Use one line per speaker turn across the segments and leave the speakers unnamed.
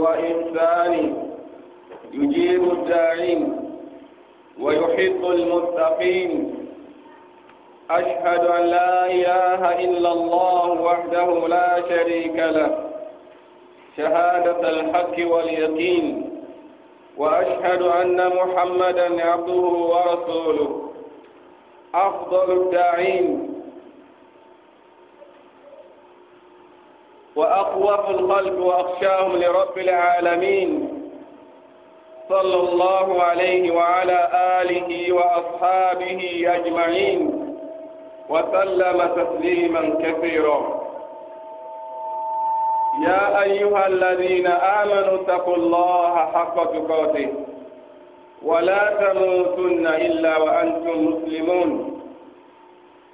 وإنسان يجيب الداعين ويحب المتقين أشهد أن لا إله إلا الله وحده لا شريك له شهادة الحق واليقين وأشهد أن محمدا عبده ورسوله أفضل الداعين وأخوف القلب وأخشاهم لرب العالمين صلى الله عليه وعلى آله وأصحابه أجمعين وسلم تسليما كثيرا يا أيها الذين آمنوا اتقوا الله حق تقاته ولا تموتن إلا وأنتم مسلمون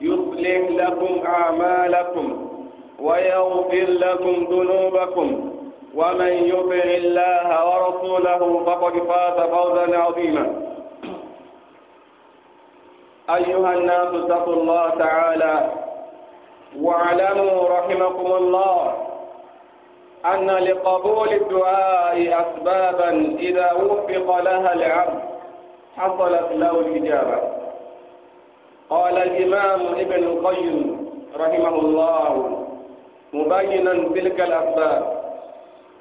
يصلح لكم أعمالكم ويغفر لكم ذنوبكم ومن يطع الله ورسوله فقد فاز فوزا عظيما أيها الناس اتقوا الله تعالى واعلموا رحمكم الله أن لقبول الدعاء أسبابا إذا وفق لها العبد حصلت له الإجابة قال الإمام ابن القيم رحمه الله مبينا تلك الأسباب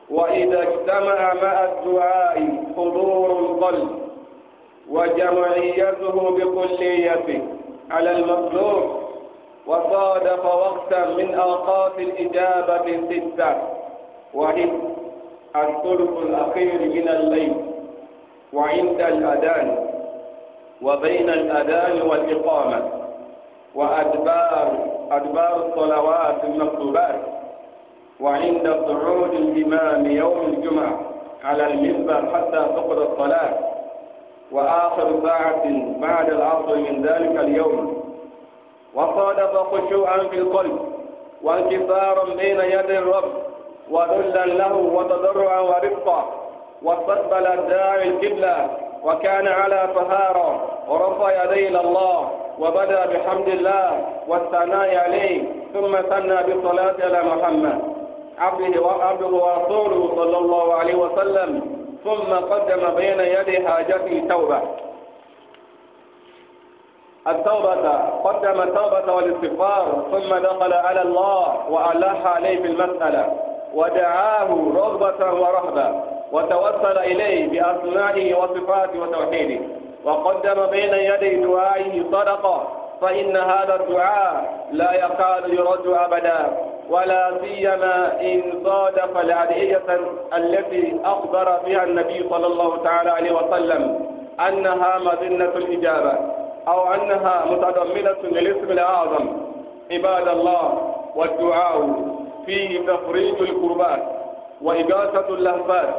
وإذا اجتمع مع الدعاء حضور القلب وجمعيته بكليته على المطلوب وصادف وقتا من أوقات الإجابة ستة وهي الثلث الأخير من الليل وعند الأذان وبين الأذان والإقامة وأدبار أدبار الصلوات المكتوبات وعند صعود الإمام يوم الجمعة على المنبر حتى تقضى الصلاة وآخر ساعة بعد العصر من ذلك اليوم وصادف خشوعا في القلب وانكسارا بين يدي الرب وذلا له وتضرعا ورفقا واستقبل الداعي القبله وكان على طهارة ورفع يديه إلى الله وبدأ بحمد الله والثناء عليه ثم ثنى بالصلاة على محمد عبده وعبده ورسوله صلى الله عليه وسلم ثم قدم بين يدي حاجته توبة التوبة قدم التوبة والاستغفار ثم دخل على الله وألح عليه بالمسألة ودعاه رغبة ورهبة وتوسل إليه بأسمائه وصفاته وتوحيده وقدم بين يدي دعائه صدقة فإن هذا الدعاء لا يكاد يرد أبدا ولا سيما إن صادف العدية التي أخبر بها النبي صلى الله تعالى عليه وسلم أنها مذنة الإجابة أو أنها متضمنة للاسم الأعظم عباد الله والدعاء فيه تفريج الكربات وإجاسة اللهفات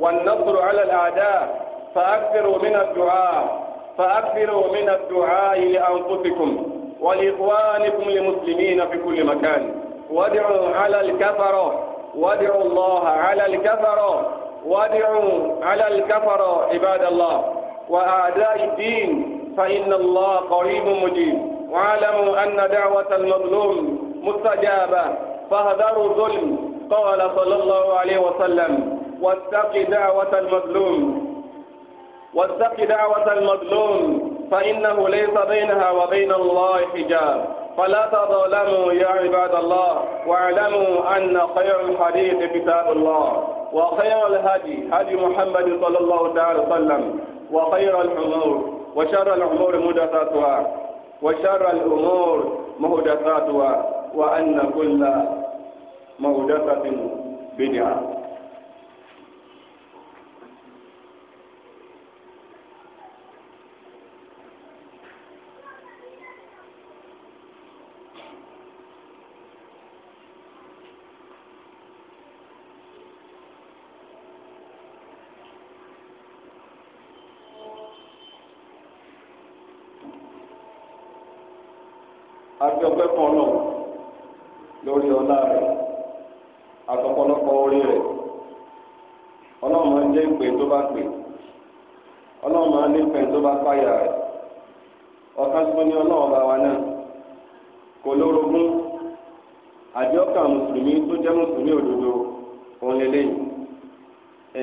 والنصر على الأعداء فأكثروا من الدعاء فأكثروا من الدعاء لأنفسكم ولإخوانكم المسلمين في كل مكان وادعوا على الكفرة وادعوا الله على الكفرة وادعوا على الكفرة عباد الله وأعداء الدين فإن الله قريب مجيب واعلموا أن دعوة المظلوم مستجابة فهذروا الظلم قال صلى الله عليه وسلم واتق دعوة المظلوم واتق دعوة المظلوم فإنه ليس بينها وبين الله حجاب فلا تظلموا يا عباد الله واعلموا أن خير الحديث كتاب الله وخير الهدي هدي محمد صلى الله عليه وسلم وخير الأمور وشر الأمور محدثاتها وشر الأمور محدثاتها وأن كل مهدثة بدعة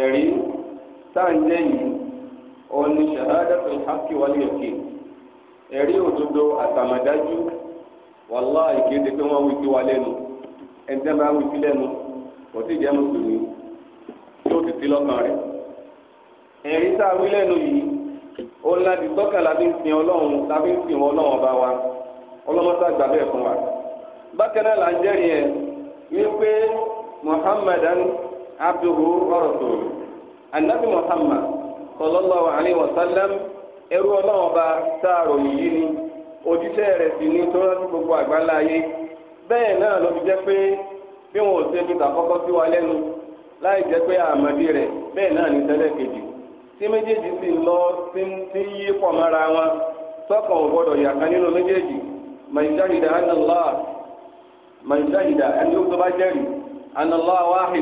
ẹ̀rí sáǹjẹ́ yìí òun onye shahadatul haqqi ẹ̀rí òdodo àtàmàdájú wàlá ìkéde pé wọ́n wí wa lẹ́nu ẹ̀ńtẹ́ máa wí lẹ́nu kò sí ìjẹ́ mùsùlùmí tí ó ti lọ́kàn rẹ̀ ẹ̀rí lẹ́nu ọba wa ọlọ́mọta gbà bẹ́ẹ̀ fún wa. bákan náà là ń jẹ́rìí abduhu wa rasuluhu anabi muhammad sallallahu alayhi wa sallam ẹrú ọlọ́run ọba sáàrò yìí ni òjíṣẹ́ rẹ̀ sì ní tó rántí gbogbo àgbáńlá ayé bẹ́ẹ̀ náà ló fi jẹ́ pé bí wọn ò ṣe fi tàkọ́kọ́ sí wa lẹ́nu láì jẹ́ pé àmọ́dé rẹ̀ bẹ́ẹ̀ náà ní tẹ́lẹ̀ kejì tí méjèèjì sì ń lọ tí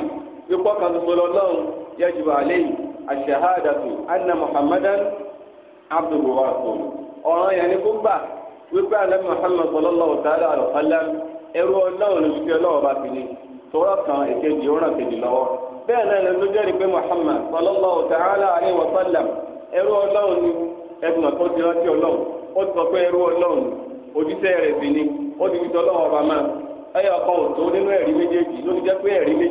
ikọ́ kan tó sọlọ lọ́hùn yajibu alayhi ash-shahadatu anna muhammadan abduhu wa rasuluhu ọ̀ràn yẹn ni kó gbà wípé alẹ́ muhammad sallallahu ta'ala alaihi wa sallam ẹrú ọlọ́run ló fi ọlọ́run bá fi ni tọ́wọ́ kan èkejì ọ̀ràn kejì lọ́wọ́ bẹ́ẹ̀ náà lẹ́nu jẹ́rìí pé muhammad sallallahu ta'ala alaihi wa sallam ẹrú ọlọ́run ni ẹ̀sùn àti ọtí rántí ọlọ́run ó ti sọ pé ẹrú ọlọ́run òjíṣẹ́ rẹ̀ sì ni ó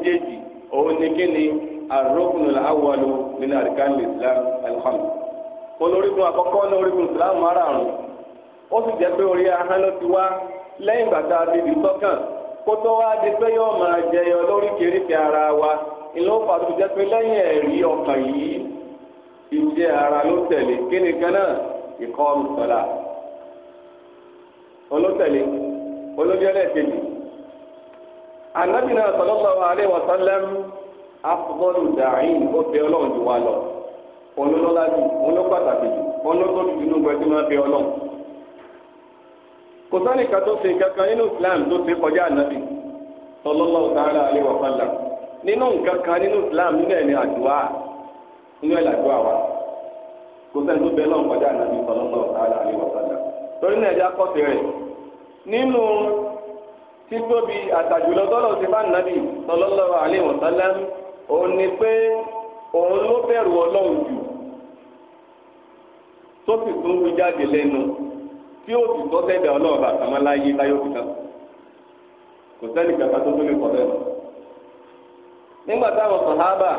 ti fi òun ni kí ni arúgbónul awwalu nínú àríkàn islam alham olórígun àkọ́kọ́ ní orígun islam márààrún ó sì jẹ́ pé orí ti wá lẹ́yìn ìgbà ti di sọ́kàn kó tó wá di pé yóò máa jẹyọ lóríkèéríkèé ara wa ìlú ó fàtó jẹ́ pé lẹ́yìn ẹ̀rí ọkàn yìí iṣẹ́ ara ló tẹ̀lé kí ni kan ìkọ́ ọ̀rùn anabi náà sallallahu alaihi wa sallam afdọ́lù dàáyìn ó bẹ ọlọ́run wa wá lọ olólọ́lá jù olópàtàkì jù olótóbi jù nínú ẹgbẹ́ máa bẹ ọlọ́run kò sani ka tó ṣe kankan nínú islam tó ṣe kọjá anabi sallallahu ta'ala alaihi wa sallam nínú nkankan nínú islam nínú àdúrà nínú wa kò sani tó anabi sallallahu ta'ala torí náà títóbi àtàjùlọ tọ́lọ̀ ti bá nàbì sallallahu alaihi wasallam òun ni pé òun ló bẹ̀rù ọlọ́run jù tó sì tún jáde lẹ́nu tí ó sì tọ́ sẹ́dẹ̀ ọlọ́run bàtà máa láyé láyé òkú kan kò sẹ́ni tó tó lè nígbà táwọn sàhábà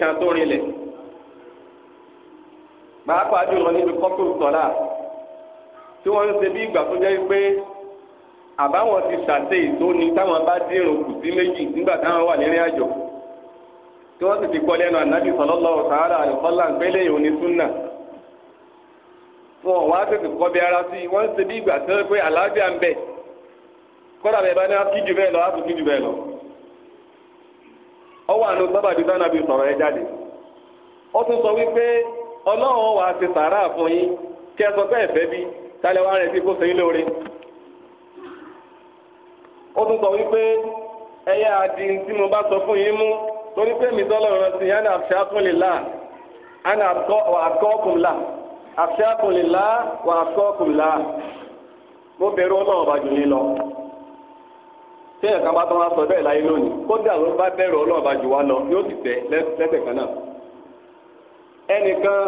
kan tó pàápàá jùlọ níbi kọ́tò sọ́lá tí wọ́n ń ṣe bí ìgbà tó jẹ́ pé àbáwọn ti ṣàṣe ìtóni táwọn bá dírun kù sí méjì nígbà táwọn wà nírìn àjò tí wọ́n sì ti kọ́ lẹ́nu ànábì sallallahu ta'ala alaihi wasallam súnà wọn wá tètè kọ́ bí ara sí wọ́n ń ṣe bí ìgbà tó pé àlàáfíà ń kọ́dà bá ní kíjù bẹ́ẹ̀ lọ kíjù bẹ́ẹ̀ ọlọ́run wa ti sàárà fún yín kí ẹ sọ pé ẹ̀fẹ́ bí tálẹ̀ wá rẹ̀ sí kó sẹ́yìn lóore. ó tún sọ wípé ẹyẹ àdì tí mo bá sọ fún yín mú torí pé mi tọ́lọ̀ rẹ sí yánà àfṣàkùnlélà àná àkọ́kùnlá àfṣàkùnlélà wà àkọ́kùnlá mo bẹ̀rù ọlọ́run jù yín lọ tí ẹ̀ka bá tán wá sọ bẹ́ẹ̀ láyé lónìí bá bẹ̀rù ọlọ́run lọ yóò ti tẹ̀ lẹ́sẹ̀ ẹnìkan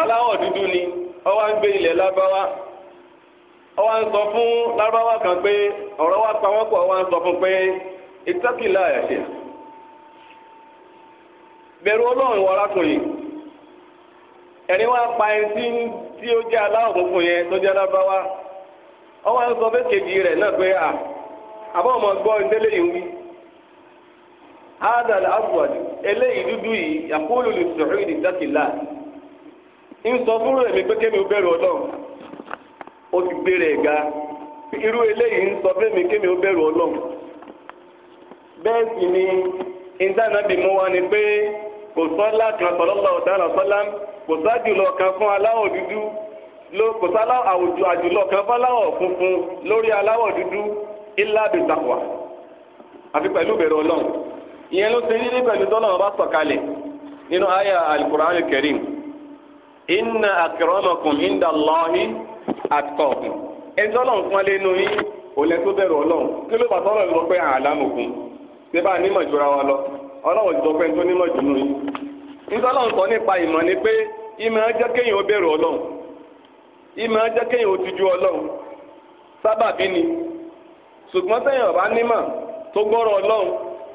aláwọ̀ dúdú ni ọwọ́ ń gbé ilẹ̀ lábáwá ọwọ́ ń sọ fún lábáwá kan pé ọ̀rọ̀ wa pa wọ́n pọ̀ ń sọ fún pé ìtọ́kìlá ẹ̀ṣẹ̀ bẹ̀rù ọlọ́run ẹni wá pa ẹni tí ó jẹ́ aláwọ̀ funfun yẹn tó jẹ́ lábáwá ọwọ́ ń sọ fún kejì rẹ̀ náà pé àbọ̀ ọmọ hada al-aswad eléyìí dúdú yìí yaqulu lis-su'ud ittaqillah ń sọ fún rẹ̀ mi pé kémi ó bẹ̀rù ọlọ́run ó ti gbére ẹ̀ ga irú eléyìí mi kémi ó bẹ̀rù ọlọ́run bẹ́ẹ̀ ni ìdánábì mú wa ni pé funfun lori dudu ìyẹn ló ṣe nílé pẹ̀lú tọ́lọ́run bá sọ̀kalẹ̀ nínú àyà alukur'an kẹrin inna akramakum inda Allahi atqakum ẹni tọ́lọ́run fún alẹ́ nù yín olè tó bẹ̀rù ọlọ́run kí ló bá lọ pé ṣé bá nímọ̀ lọ ọlọ́run ti tó nímọ̀ sọ nípa ìmọ̀ ni pé ìmọ̀ ọlọ́run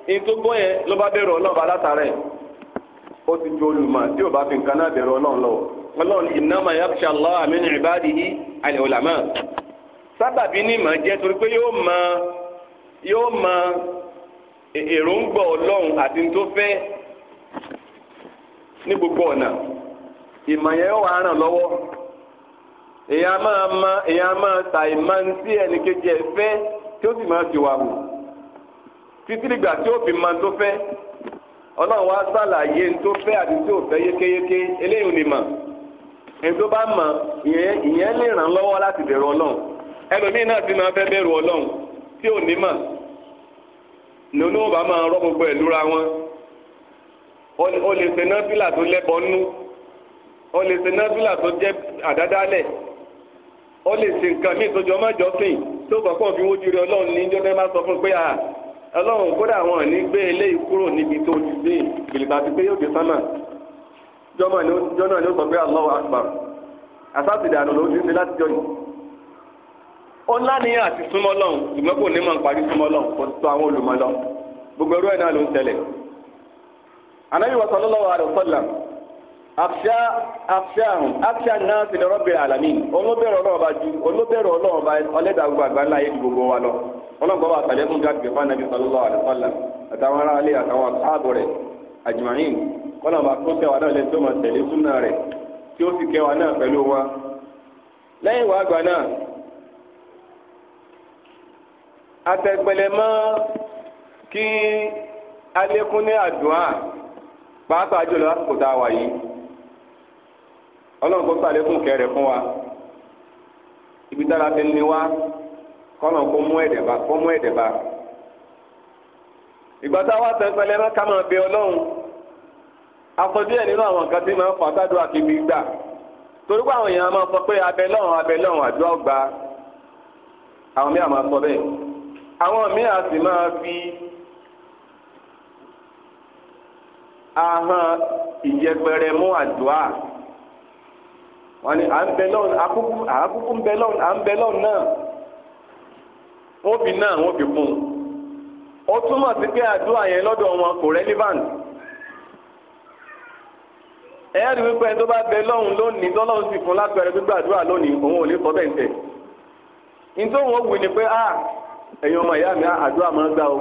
ní tó yẹn ló bá bẹ̀rù ọlọ́ọ̀bá látara ẹ̀ ó ti ju olùmọ̀ tí ò bá fi nǹkan náà bẹ̀rù ọlọ́ọ̀ lọ ọlọ́ọ̀ fi yakhsha Allaha min ibadihi al-ulama sábàbí ní ìmọ̀ jẹ́ torí pé yóò mọ yóò mọ èròǹgbà ọlọ́run àti tó fẹ́ ní gbogbo ọ̀nà ìmọ̀ yẹn wà á ràn lọ́wọ́ èèyàn máa ma èèyàn máa ta ìmọ̀ fẹ́ tí ó sì máa fi wà títí dìgbà tí ó fi ma tó fẹ́ ọlọ́run wá sàlàyé ntó tó fẹ́ àti tí ò fẹ́ yékéyéké eléyìí ò lè mọ̀ ẹni tó bá mà, ìyẹn lè ràn lọ́wọ́ láti bẹ̀rù ọlọ́run ẹlòmíì náà ti máa fẹ́ bẹ̀rù ọlọ́run tí ò ní máa ẹ̀ lúra wọn o lè tó nú o tó jẹ́ àdádálẹ̀ o lè ọlọ́run kódà wọn ní gbé eléyìí kúrò níbi tó ti sí ìgbìlìgbà ti pé yóò dé sánmà jọ́mọ̀ ni jọ́nà ni ó sọ pé Allahu Akbar àsátìdànù ló ti ń ṣe láti jọ yìí. ó ńlá ní àti súnmọ́ lọ́hùn ṣùgbọ́n kò ní mọ̀ ń parí súnmọ́ lọ́hùn kò tó àwọn olùmọ̀ lọ gbogbo ẹrú ẹ̀ náà ló ń tẹ̀lẹ̀. ànábì wa sallallahu alaihi wasallam afia afiahun afia náà fi lọ́rọ́ bẹ̀rẹ̀ alami olóbẹ̀rẹ̀ ọlọ́ọ̀ba ju olóbẹ̀rẹ̀ ọlọ́ọ̀ba ọlẹ́dàgbọ́ àgbáńlá gbogbo wa lọ ọlọ́ọ̀ba wa sàlẹ̀ fún gàdùgbẹ̀ fún anabi tó tẹ̀ náà lẹ́yìn tí ó náà wa náà kí pàápàá jùlọ ọlọ́run kó sàlékún kẹrẹ fún wa ibi tára ti ní wa kọ́nà kó mú ẹ̀dẹ̀ bá kó mú ẹ̀dẹ̀ bá ìgbà tá a wá tẹ̀ pẹlẹ ká máa bẹ ọlọ́run aṣọ díẹ̀ nínú àwọn nǹkan tí máa ń fà sádùn àkìbí gbà torí pé àwọn èèyàn máa sọ pé abẹ lọ́run abẹ lọ́run àdúrà ọgbà àwọn míì àmà sọ bẹ́ẹ̀ àwọn míì á máa fi ahọ́n ìyẹpẹrẹ mú àdúrà wọ́n ní à ń bẹ lọ́n àkúkú ń bẹ lọ́n à ń bẹ lọ́n náà wọ́n fi náà wọ́n fi kún un ó túmọ̀ sí pé àdúrà yẹn lọ́dọ̀ wọn kò relevant ẹ̀yà rí wípé tó bá bẹ lọ́hùn lónìí tọ́lọ́hùn sì fún lágbẹ̀rẹ̀ gbígbàdúrà lónìí òun ò lè sọ bẹ́ẹ̀ tẹ̀ nítorí wọn wù ní pé a ah, ẹ̀yin ọmọ ìyá mi àdúrà máa ń gbà o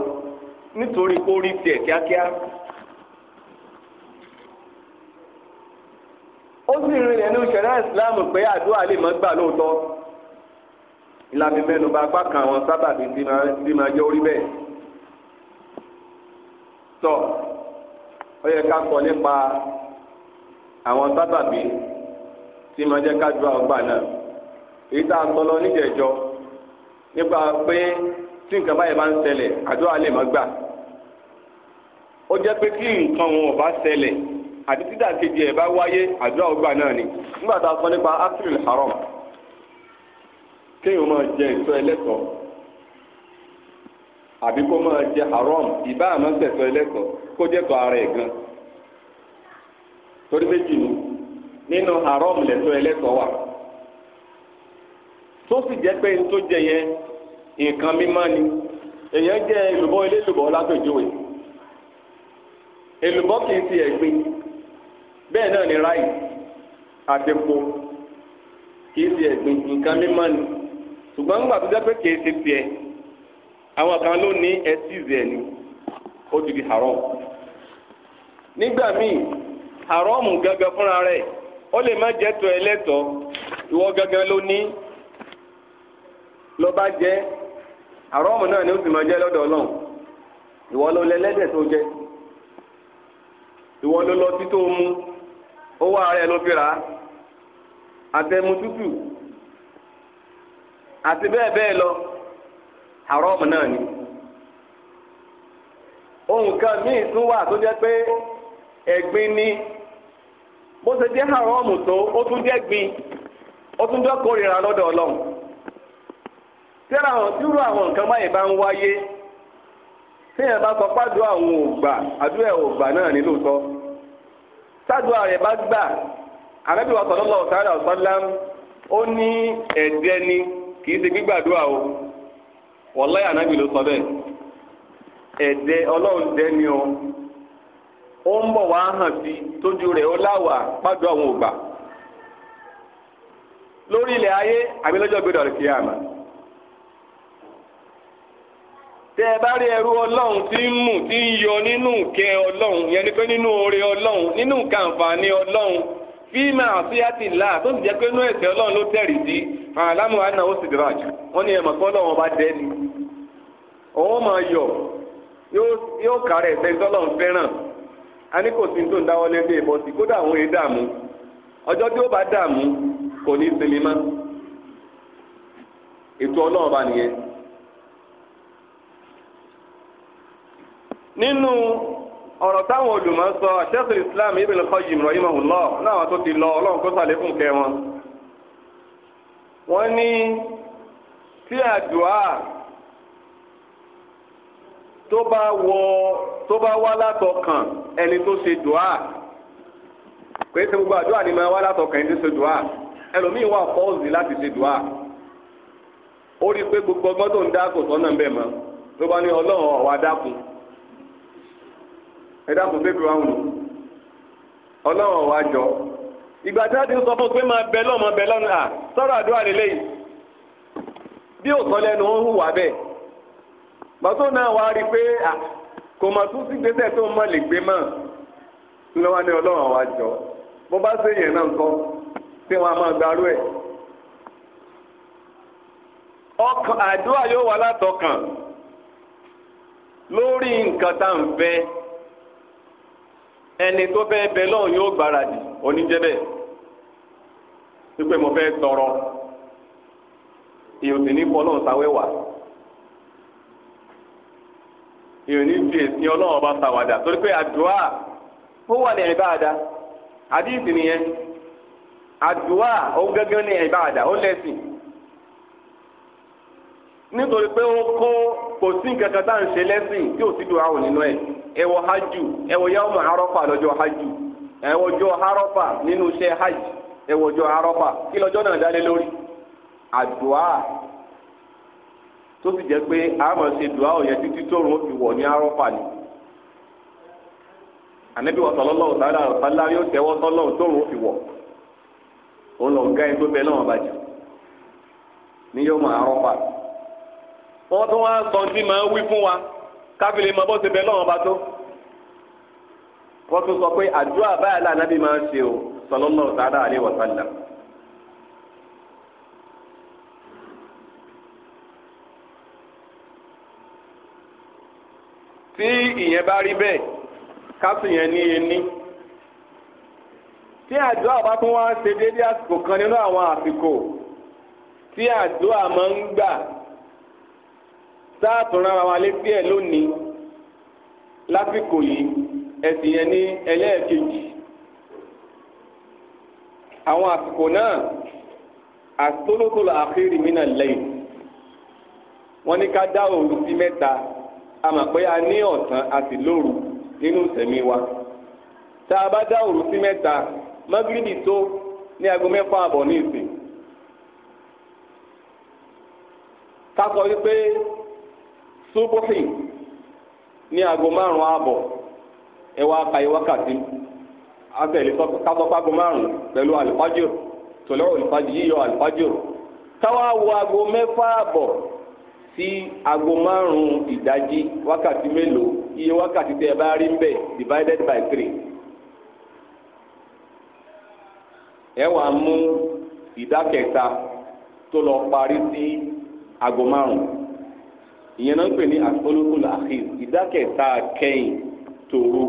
nítorí kó rí tiẹ̀ kíákíá ó sì rìn ẹnu ṣẹ̀dá ìsìláàmù pé àdúrà lè mọ́ gbà lóòótọ́ ìlànà mẹ́nuba apá kan àwọn sábàbí tí máa jẹ́ orí bẹ́ẹ̀ tọ́ ó yẹ ká sọ nípa àwọn sábàbí tí máa jẹ́ ká ju àgbà náà èyí tá a sọ lọ níjẹ̀jọ́ nípa pé tí nǹkan báyìí bá ń ṣẹlẹ̀ àdúrà lè mọ́ gbà ó jẹ́ pé kí nǹkan wọn ò bá ṣẹlẹ̀ àti títà kejì ẹ̀ bá wáyé àdúrà náà ni nígbà tá a sọ nípa haram kéèyàn jẹ àbí kó máa jẹ haram ìbá àmọ́ kó jẹ́ tọ́ ara ẹ̀ gan torí méjì ni nínú haram wà tó sì jẹ́ pé tó jẹ yẹn nǹkan mímọ́ ni èèyàn lápèjúwe kì í ti bẹ́ẹ̀ náà ni ráì àtẹ̀kọ kìí ṣe ẹ̀gbìn nǹkan mímọ́ ni ṣùgbọ́n nígbà tó jẹ́ kìí ṣe àwọn kan ló ní ẹtíìzì ẹ̀ ni ó ti di haram nígbà míì haram gángan fúnra rẹ̀ ó lè má jẹ́ tọ́ ẹlẹ́tọ̀ọ́ ìwọ ló ní lọ́ba jẹ́ haram náà ni ó sì má jẹ́ lọ́dọ̀ ọlọ́run ìwọ ló lẹ́lẹ́dẹ̀ tó jẹ́ ìwọ ló lọ sí mú. owó ara ẹ̀ ló fi rà á àtẹmu tútù àti bẹ́ẹ̀ bẹ́ẹ̀ lọ haram náà ni ohun kan míì tún wà tó jẹ́ pé ẹ̀gbin ni bó ṣe jẹ́ haram tó ó tún jẹ́ gbin ó tún jẹ́ kórìíra lọ́dọ̀ ọlọ́run tẹ́lẹ̀ àwọn dúró àwọn nǹkan báyìí bá ń wáyé téèyàn bá sọ pàdé àwọn ògbà àdúrà ògbà náà ní lóòótọ́. sádùá rẹ̀ bá gbà ànábì wa sallallahu ta'ala wa sallam ó ní ẹ̀dẹ́ ni kì í ṣe gbígbàdúrà o wàláyà ànábì ló sọ bẹ́ẹ̀ ẹ̀dẹ́ ọlọ́run dẹ́ni o ó ń bọ̀ wá hàn sí tójú rẹ̀ ó láwà pàdé àwọn ògbà lórí ilẹ̀ ayé àbí lọ́jọ́ gbẹdọ̀ rẹ̀ kì í àmà. tẹ ẹ bá rí ẹrú ọlọ́run tí ń mú tí ń yọ nínú ìkẹ́ ọlọ́run yẹn pé nínú oore ọlọ́run nínú kàǹfààní ọlọ́run fíìmù àfíàtì là tó ti jẹ́ pé inú ọlọ́run ló tẹ̀rì di àlámù àná ó sì dìrà jù ẹ̀mọ̀ kọ́ ni máa yọ yóò ẹ̀sẹ̀ fẹ́ràn a ní kò sí tó ń nínú ọ̀rọ̀ táwọn olùmọ̀ sọ Sheikhul Islam Ibn Qayyim rahimahullah láwọn tó ti lọ ọlọ́run kó sàlékún kẹ́ wọn. wọ́n ní tí àdúà tó bá wọ tó bá wá látọkàn ẹni tó ṣe dùá pé ṣe gbogbo àdúà ni máa wá látọkàn ẹni tó ṣe dùá ẹlòmíín wà fọ́ọ̀sì láti ṣe dùá ó rí i pé gbogbo ọgbọ́n tó ń dá sọ́nà ń bẹ̀ mọ́ ló bá ní ọlọ́run ọ̀wá dákun ẹ dákun bébí wa wù ọlọ́wọ̀n wa jọ ìgbà tí a ti ń sọ fún pé máa bẹ lọ́ọ̀ máa bẹ lọ́nà à sọ̀rọ̀ àdúrà lélẹ́yìí bí òsán lẹ́nu ó hùwà bẹ́ẹ̀ bàtó náà wá rí i pé kò mà tún sí gbèsè tó mọ̀ lè gbé mọ́ ńlọ́wọ́ ní ọlọ́wọ̀n wa jọ bó bá ṣe yẹn náà nǹkan tí wọ́n á máa gbarú ẹ̀ ọkàn àdúrà yóò wà látọkàn lórí nǹkan tá à ń fẹ́ ẹni tó fẹ́ bẹ lọ́hùn yóò gbáradì oníjẹ́bẹ̀ wípé mo fẹ́ tọrọ ìyòsì ní fọlọ́hùn sáwẹ́wà ìyòní fi èsì ọlọ́hùn ọba sàwádà torí pé àdúrà ó wà ní ìbáàdà àdíìsì nìyẹn ó gẹ́gẹ́ ní ìbáàdà ó lẹ́sìn nítorí pé ó kó. kò sí nǹkan kan tá à ń ṣe lẹ́sìn tí ò sí dùn àwọn nínú ẹ̀ ẹ wọ hajj ẹ wọ yawma arọ́fà lọ́jọ́ hajj ẹ wọ ọjọ́ arọ́fà nínú iṣẹ́ hajj ẹ wọ ọjọ́ arọ́fà kí lọ́jọ́ náà dálé lórí àdùá tó a máa ṣe dùá ọ̀yẹ́ títí tóorùn ó fi wọ̀ ní ni ànábì yóò tẹ́wọ́ ó fi wọ̀ gá ẹ tó bẹ náà bàjẹ́ wọ́n tún wá gbọ́n tí màá wí fún wa kábìlì mọ́ bọ́sẹ̀ bẹ́ẹ̀ lọ́wọ́ bá tó. wọ́n tún sọ pé àdúrà báyà là máa ń ṣe o sallallahu ta'ala alaihi wa sallam. tí ìyẹn bá rí bẹ́ẹ̀ kásù yẹn ní ení tí àdúrà bá tún wá ṣe déédéé àsìkò kan nínú àwọn àsìkò tí àdúrà máa ń gbà táàtù rárá wa létí ẹ̀ lónìí lásìkò yìí ẹ̀sìn yẹn ní ẹlẹ́ẹ̀kejì àwọn àsìkò náà àtolótolo àkérì mí náà lẹ́yìn wọ́n ní ká dá òru sí mẹ́ta a mọ̀ pé a ní ọ̀sán a sì lóru nínú ìsẹ̀mí wa tá a bá dá òru sí mẹ́ta mọ́gírìbì tó ní aago mẹ́fà àbọ̀ ní ìsìn ká sọ wípé subuhi ní aago márùn ààbọ̀ ẹ wá wákàtí aago márùn pẹ̀lú alifájò tòlẹ́ olùfájò yíyọ alifájò káwá wo aago mẹfà ààbọ̀ sí aago márùn ìdájí wákàtí mélòó iye wákàtí divided by three ẹ wà mú ìdá kẹta tó lọ parí ìyẹn náà ń pè ní àfọlùkù làákìr ìdákẹ́ta kẹ́yìn tòru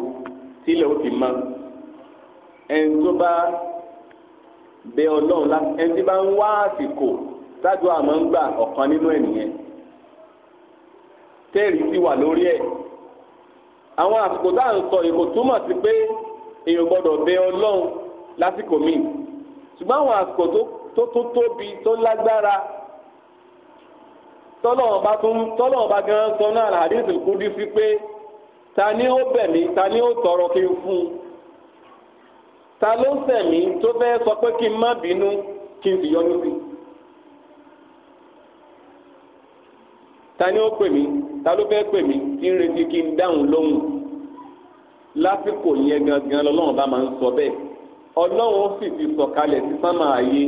tílẹ̀ ó ti mọ́ ẹni tó bá bẹ ọlọ́run láti ẹni tí bá ń wá àsìkò tájú àmọ́ ń gbà ọ̀kan nínú ẹ̀ nìyẹn tẹ́ẹ̀rì ti wà lórí ẹ̀ àwọn àsìkò tá à ń sọ èkó túmọ̀ sí pé èèyàn gbọ́dọ̀ bẹ ọlọ́run lásìkò míì ṣùgbọ́n àwọn àsìkò tó tóbi tó lágbára tọ́lọ́wọ́n bá tún tọ́lọ́wọ́n bá gan sọ náà àdéhùn ìkúndí sí pé ta ni ó bẹ̀ mí ta ni ó tọrọ kí n fún un ta ló ń ṣẹ̀ mí tó fẹ́ sọ pé kí n má bínú kí n sì yọnu sí ta ni ó pè mí ta ló fẹ́ pè mí tí ń retí kí n dáhùn lóhùn lásìkò yẹn gangan lọ́lọ́run bá máa ń sọ bẹ́ẹ̀ ọlọ́run sì ti sọ̀kalẹ̀ sí sánmà ayé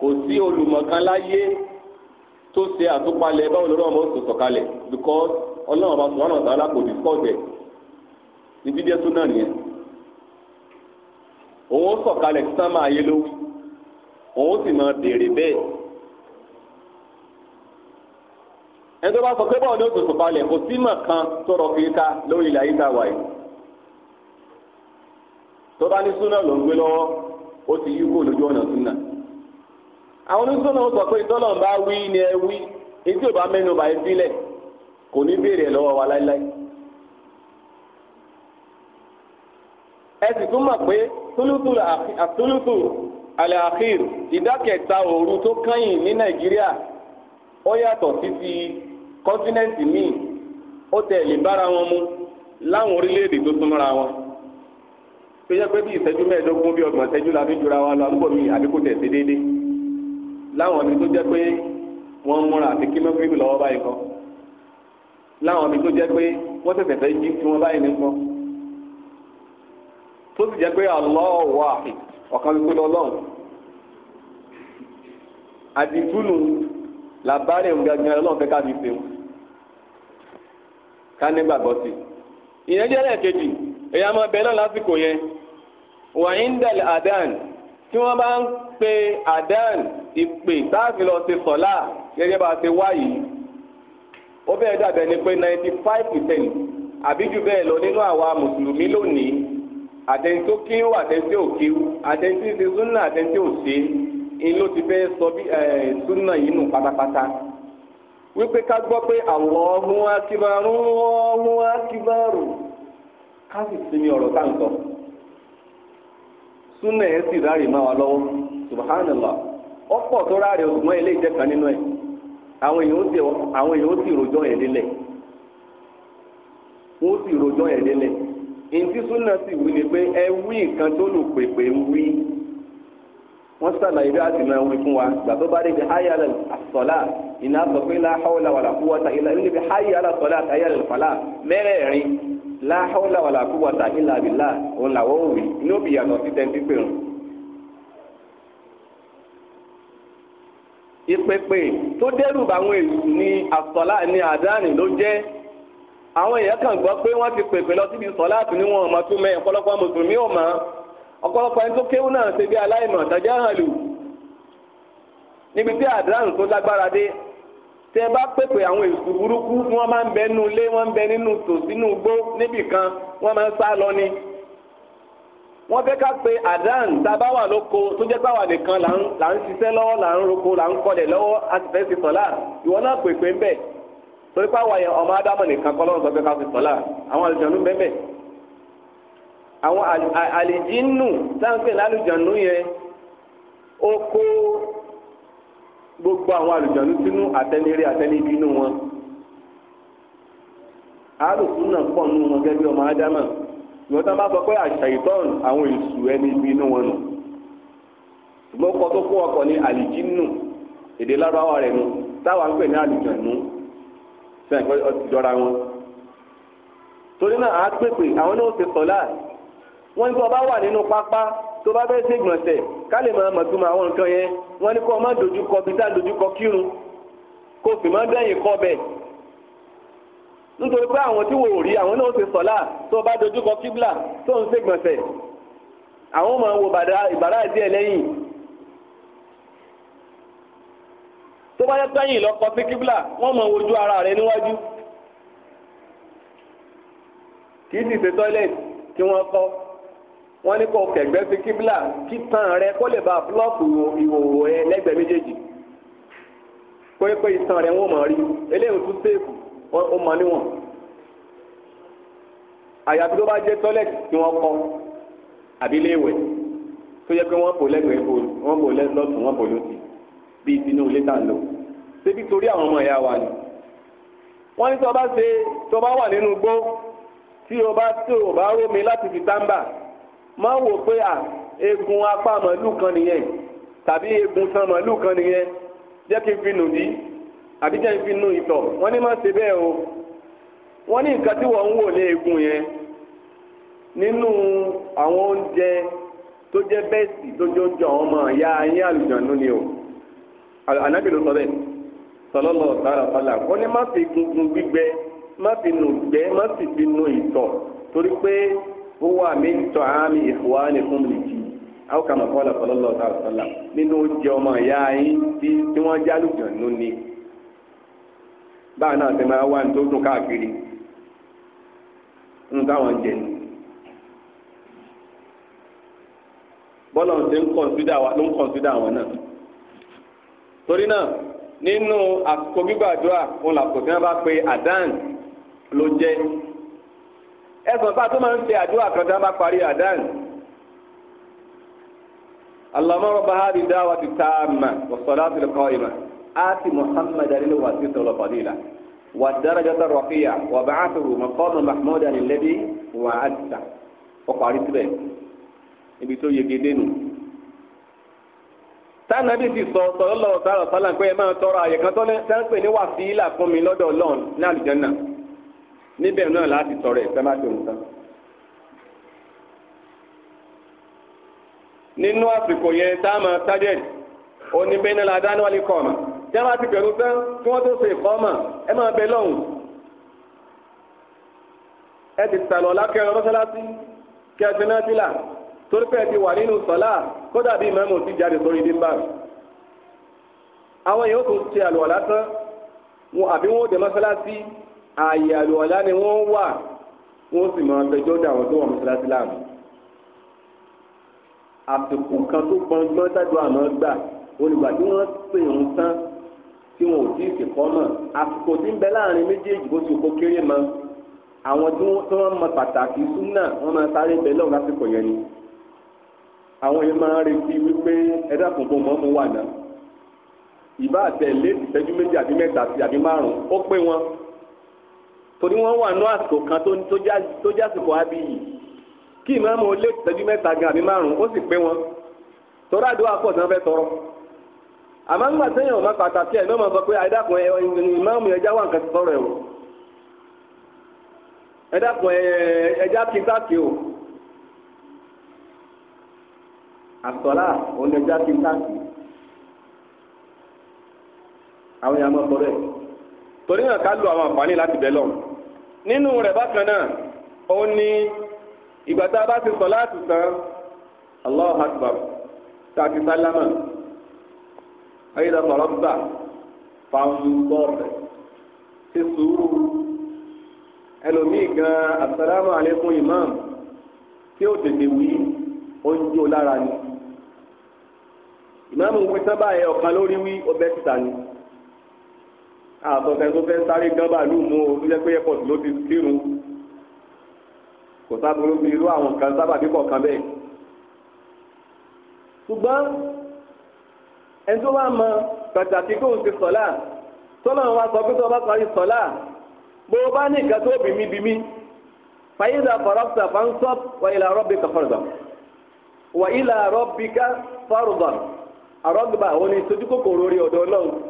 kò sí olùmọ̀kan láyé tó ṣe àtúpalẹ̀ báwo lọ́rọ̀ ọmọ oṣù sọ̀kalẹ̀ because ọlọ́run ọba sọ̀rọ̀ ọ̀tá alápò discourse ẹ̀ ní dídé tó náà nìyẹn. òun ó sọ̀kalẹ̀ tí sáà máa yé ló òun ó sì máa béèrè bẹ́ẹ̀. ẹni tó bá sọ pé báwo oṣù kan ká lórí ilẹ̀ ayé yìí. tó bá ní súnà ló ń gbé lọ́wọ́ ó ti yí kó lójú àwọn onísọ̀nà ó sọ pé ìtọ́lọ̀ ń bá wí ni ẹ wí etí ò bá mẹ́nu bá ìbílẹ̀ kò ní béèrè ẹ̀ lọ́wọ́ wa láéláé. ẹ sì tún mọ̀ pé tólútù àtúlùtù àlẹ́ àkìr ìdákẹ́ta òru tó kẹ́yìn ní nàìjíríà ó yàtọ̀ sí ti kọ́ńtínẹ́ǹtì míì ó tẹ̀lé bára wọn mu láwọn orílẹ̀-èdè tó súnmọ́ra wọn tó yẹ pé bí ìṣẹ́jú mẹ́ẹ̀ẹ́dógún bí ọgbọ̀n ìṣẹ́jú la fi jura wa lọ àdúgbò mi àbí kò tẹ̀sí déédéé láwọn ibi tó jẹ́ pé wọ́n ń múra àti kí mẹ́fìrìbì lọ́wọ́ báyìí kọ́ láwọn ibi tó jẹ́ pé wọ́n tẹ̀sẹ̀ fẹ́ jí tí wọ́n báyìí nìkan tó sì jẹ́ pé àlọ́wọ́ àfi ọ̀kan ló pé lọ́lọ́run àdìtúnù làbárẹ̀ ń gangan fẹ́ káàdì fẹ́ wọn gbàgbọ́ sí i ìyẹn jẹ́ lẹ́ẹ̀kejì èyí máa bẹ náà lásìkò yẹn wà ń dàlẹ́ àdáàn tí wọ́n bá ń pé àdán ìpè táàfin lọ ṣe sọ̀lá gẹ́gẹ́ bá a ṣe wá yìí ó bẹ́ẹ̀ dàbẹ̀ ni pé ninety five percent àbí jù bẹ́ẹ̀ lọ nínú àwa mùsùlùmí lónìí àtẹni tó kí ó àtẹni tí ò kí ó àtẹni tí ti súnà àtẹni tí ò ṣe é ló ti fẹ́ sọ bí súnà yìí nù pátápátá wípé ká gbọ́ pé Allahu akbar Allahu akbar ká sì sinmi ọ̀rọ̀ tá súnà ẹ̀ sì ráàyè máa wà lọ́wọ́ subhanallah ọpọ tó ráàyè òṣùwọ̀n ilé ìjẹ́kan nínú ẹ̀ àwọn èèyàn ó sì rojọ́ ẹ̀ délẹ̀ wọ́n sì rojọ́ ẹ̀ délẹ̀ ìǹtí súnà sì wí ni pé ẹ wí nǹkan tó pèpè ń wí sàlàyé bí a sì máa wí fún wa gbà tó bá dé ibi háyà lẹ̀ láhọ́lá wàlà kú wàtà ìlà àbílà òun làwọn ò rí inú òbí yàtọ̀ sí tẹ́ńtí pèrò. ìpèpè tó dẹ́rù báwọn èlù ní àsọ̀lá ní àdáni ló jẹ́ àwọn èèyàn kan gbọ́ pé wọ́n ti pèpè lọ síbi sọ̀lá àti níwọ̀n ọmọ tó mẹ́ ọ̀pọ̀lọpọ̀ mùsùlùmí ò mọ́ ọ̀pọ̀lọpọ̀ ẹni tó kéwú náà ṣe bí aláìmọ̀ tàjá hàn lù níbi tí àdáni tó lágbára dé tẹ bá pèpè àwọn èsù burúkú wọn máa ń bẹ nínú ilé wọn ń bẹ nínú tòsí nínú níbì kan wọn máa ń sá lọ ni. wọn fẹ́ ká pe àdán tábà wà lóko tó jẹ́ pàwọ́ nìkan là ń ṣiṣẹ́ lọ́wọ́ là ń roko là ń kọlẹ̀ lọ́wọ́ a sì fẹ́ ti sọ̀lá ìwọ náà pèpè ń bẹ̀ torí pàwọ́ yẹn ọmọ nìkan kọ́ ká fi sọ̀lá oko gbogbo àwọn àlùjọ̀nù sínú àtẹnirí àtẹnibí inú wọn àlùkù náà pọ̀ nínú wọn gẹ́gẹ́ bí ọmọ ádámà ìwọ́n tá a bá sọ pé àṣà ìtọ́n àwọn èṣù ẹni ibi inú wọn nù ṣùgbọ́n kọ́ tó kó ọkọ̀ ní àlìjínù èdè lárúbáwá rẹ̀ nù táwa ń pè ní àlùjọ̀nù sẹ́yìn pé ọtí jọra wọn torí náà àá pèpè àwọn náà ti sọ̀lá wọn ní bí wọn bá wà nínú pápá tó bá fẹ́ ṣe gbọ̀nsẹ̀ ká lè máa mọ̀ tó máa wọn nǹkan yẹn wọ́n ní kó o má dojú kọ bí tá a dojú kọ kírun kó o sì má dẹ́yìn kọ bẹ̀. nítorí pé àwọn tí wò ó rí àwọn náà ṣe sọ̀lá tó o bá dojú kọ kíbla tó ń ṣe gbọ̀nsẹ̀ àwọn máa wo ìbàrá díẹ̀ lẹ́yìn. tó bá yẹ sẹ́yìn lọ kọ sí kíbla wọ́n máa wojú ara rẹ̀ níwájú. kì í sì ṣe tọ́lẹ̀tì wọ́n ní kó kẹ̀gbẹ́ sí kíbílà kí tán rẹ kó lè ba búlọ́ọ̀kù ìhòòhò ẹ lẹ́gbẹ̀ẹ́ méjèèjì pépé ìtàn rẹ wọ́n mọ̀ rí eléyìí tún séèkù ó mọ níwọ̀n àyàfi tó bá jẹ́ tọ́lẹ̀tì tí wọ́n kọ́ àbí iléèwẹ̀ tó yẹ pé wọ́n bò lẹ́gbẹ̀ẹ́ bò wọ́n bò lọ́tún wọ́n bò lọ́tì bíi tinú ilé tá à ń lò débi torí àwọn ọmọ ìyá wa ni wọ́n ní tó bá ṣe tó bá wà nínú gbó tí o bá tó o bá rómi láti fi táǹbà má wò pé à egun apá màálù kan nìyẹn tàbí egun san màálù kan nìyẹn jẹ́ kí n fi nù dí àbí jẹ́ kí n fi nù ìtọ̀ wọ́n ní má ṣe bẹ́ẹ̀ o wọ́n ní nǹkan tí wọ́n ń wò ní egun yẹn nínú àwọn oúnjẹ tó jẹ́ bẹ́ẹ̀sì tó jẹ́ oúnjẹ àwọn ọmọ ìyá ayé àlùjànnú ni o ànábì ló sọ bẹ́ẹ̀ sọlọ́lọ́ sára fàlà wọ́n ní má fi gungun gbígbẹ má fi nù gbẹ má sì fi nù ìtọ̀ torí pé huwa min ta'ami ikhwanikum nìjí aw kama qala sallallahu alaihi wasallam nínú oúnjẹ ọmọ ìyá yín tí wọ́n jálùjàn ló ní báà náà ti máa wá ní tó dùn káàkiri ń táwọn jẹ ní. bọ́lá ń ṣe ń kọ̀nsídà wa ló ń wọn náà. torí náà nínú àsìkò gbígbàdúrà òun làkòtí wọn bá pe àdán ló jẹ́ ẹ̀sùn bá tó máa ń ṣe àdúrà kan tá a bá parí àdáni. اللهم رب هذه الدعوة التامة والصلاة القائمة آت محمدا للوسيلة والفضيلة والدرجة الرفيعة وابعثه مقاما محمودا الذي وعدته وقعدت به ibi tó yege dénú tánàbí ti sọ sọlọ́lọ́ ọ̀tá ọ̀tá là ń ẹ máa tọrọ àyè kan tó ń pè ní wàsílà fún mi lọ́dọ̀ ọlọ́run ní àlùjànnà níbẹ̀ náà láti tọrọ ìfẹ́ má tòun tán. nínú àsìkò yẹn tá a máa tájẹ̀dì òní bẹ́ẹ̀ la dáná wálé kọ́ ọ̀mà tí a bá ti bẹ̀rù tán kí wọ́n tó ṣe ìkọ́ ọ̀mà ẹ máa bẹ lọ́hùn. ẹ ti sàlọ̀ lákẹ́rọ mọ́sálásí kí ẹ ti náà sílà torí pé ẹ ti wà nínú sọ́lá kódà bí ìmọ̀ọ́mù ti jáde sórí dímbà. àwọn yòókù ṣe àlùwàlá tán àbí wọn ò dé mọ́sálásí ààyè àlùwàlá ni wọ́n wà wọ́n sì máa fẹjọ́ dà wọ́n tó wà mọ́sálásí láàmú. àsìkò kan tó gbọ́ngbọ́n tájú àná gbà olùgbà tí wọ́n pè ń tán tí wọn ò tí ì sèkọ́ mọ̀ àsìkò tí ń bẹ láàrin méjèèjì bó ti kó kéré mọ́ àwọn tí wọ́n mọ pàtàkì súnà wọ́n máa sáré bẹ lọ́wọ́ lásìkò yẹn ni àwọn yẹn máa ń retí wípé ẹ̀dá kòkó mọ́ mu wà náà ìbá àtẹ̀lé ìṣẹ́jú méjì àbí mẹ́ta àti àbí márùn-ún ó pé wọn torí wọ́n wà ní àsìkò kan tó jẹ́ àsìkò abiyì kí ìmáàmù ó lé ìtẹ́jú mẹ́ta gan àbí márùn-ún ó sì pé wọn tọ́rọ àdúrà pọ̀ tí wọ́n fẹ́ tọrọ àmọ́ ńgbà sẹ́yìn ọ̀ma pàtàkì ẹ̀ lọ́mọ sọ pé ẹ̀dàkùn ẹ̀ ìmáàmù ẹja wà nǹkan ti tọrọ ẹ̀ o ẹ̀dàkùn ẹja kí sáàkì o àtọ́lá òun ẹja kí sáàkì àwọn èèyàn mọ̀ tọrọ ẹ̀ torí náà ká lu àwọn àǹfààní láti bẹ̀ lọ́wọ́ nínú rẹ̀ bákan náà ó ní ìgbà tá a bá ti sọ láti tán Allahu Akbar tàbí sálámà ayélujára sọ̀rọ̀ gbà fàǹdọ̀rẹ̀ ti sùúrù ẹlòmíì gan asalaamu aleykum imam tí ó tètè wí oúnjẹ lára ni ìmáàmù ń pín sábà yẹ ọ̀kan lórí wí ọbẹ̀ síta ni àtọ̀tẹ̀ tó fẹ́ sáré gán bàálù mú o tó jẹ́ pé airport ló ti kírun kò sábúrú bí irú àwọn kan sábàbí kọ̀ọ̀kan bẹ́ẹ̀. ṣùgbọ́n ẹni tó wá mọ pàtàkì kóun ti sọ̀lá tọ́lá wa sọ pé tó bá parí sọ̀lá bó o bá ní nǹkan tó bìmí bìmí fàyídà fọ̀rọ̀fà fáńsọ́p wà ilà rabbika farda wà ilà rabbika farda àrọ́gbà òní sojú kòkòrò orí ọ̀dọ́ ọlọ́run.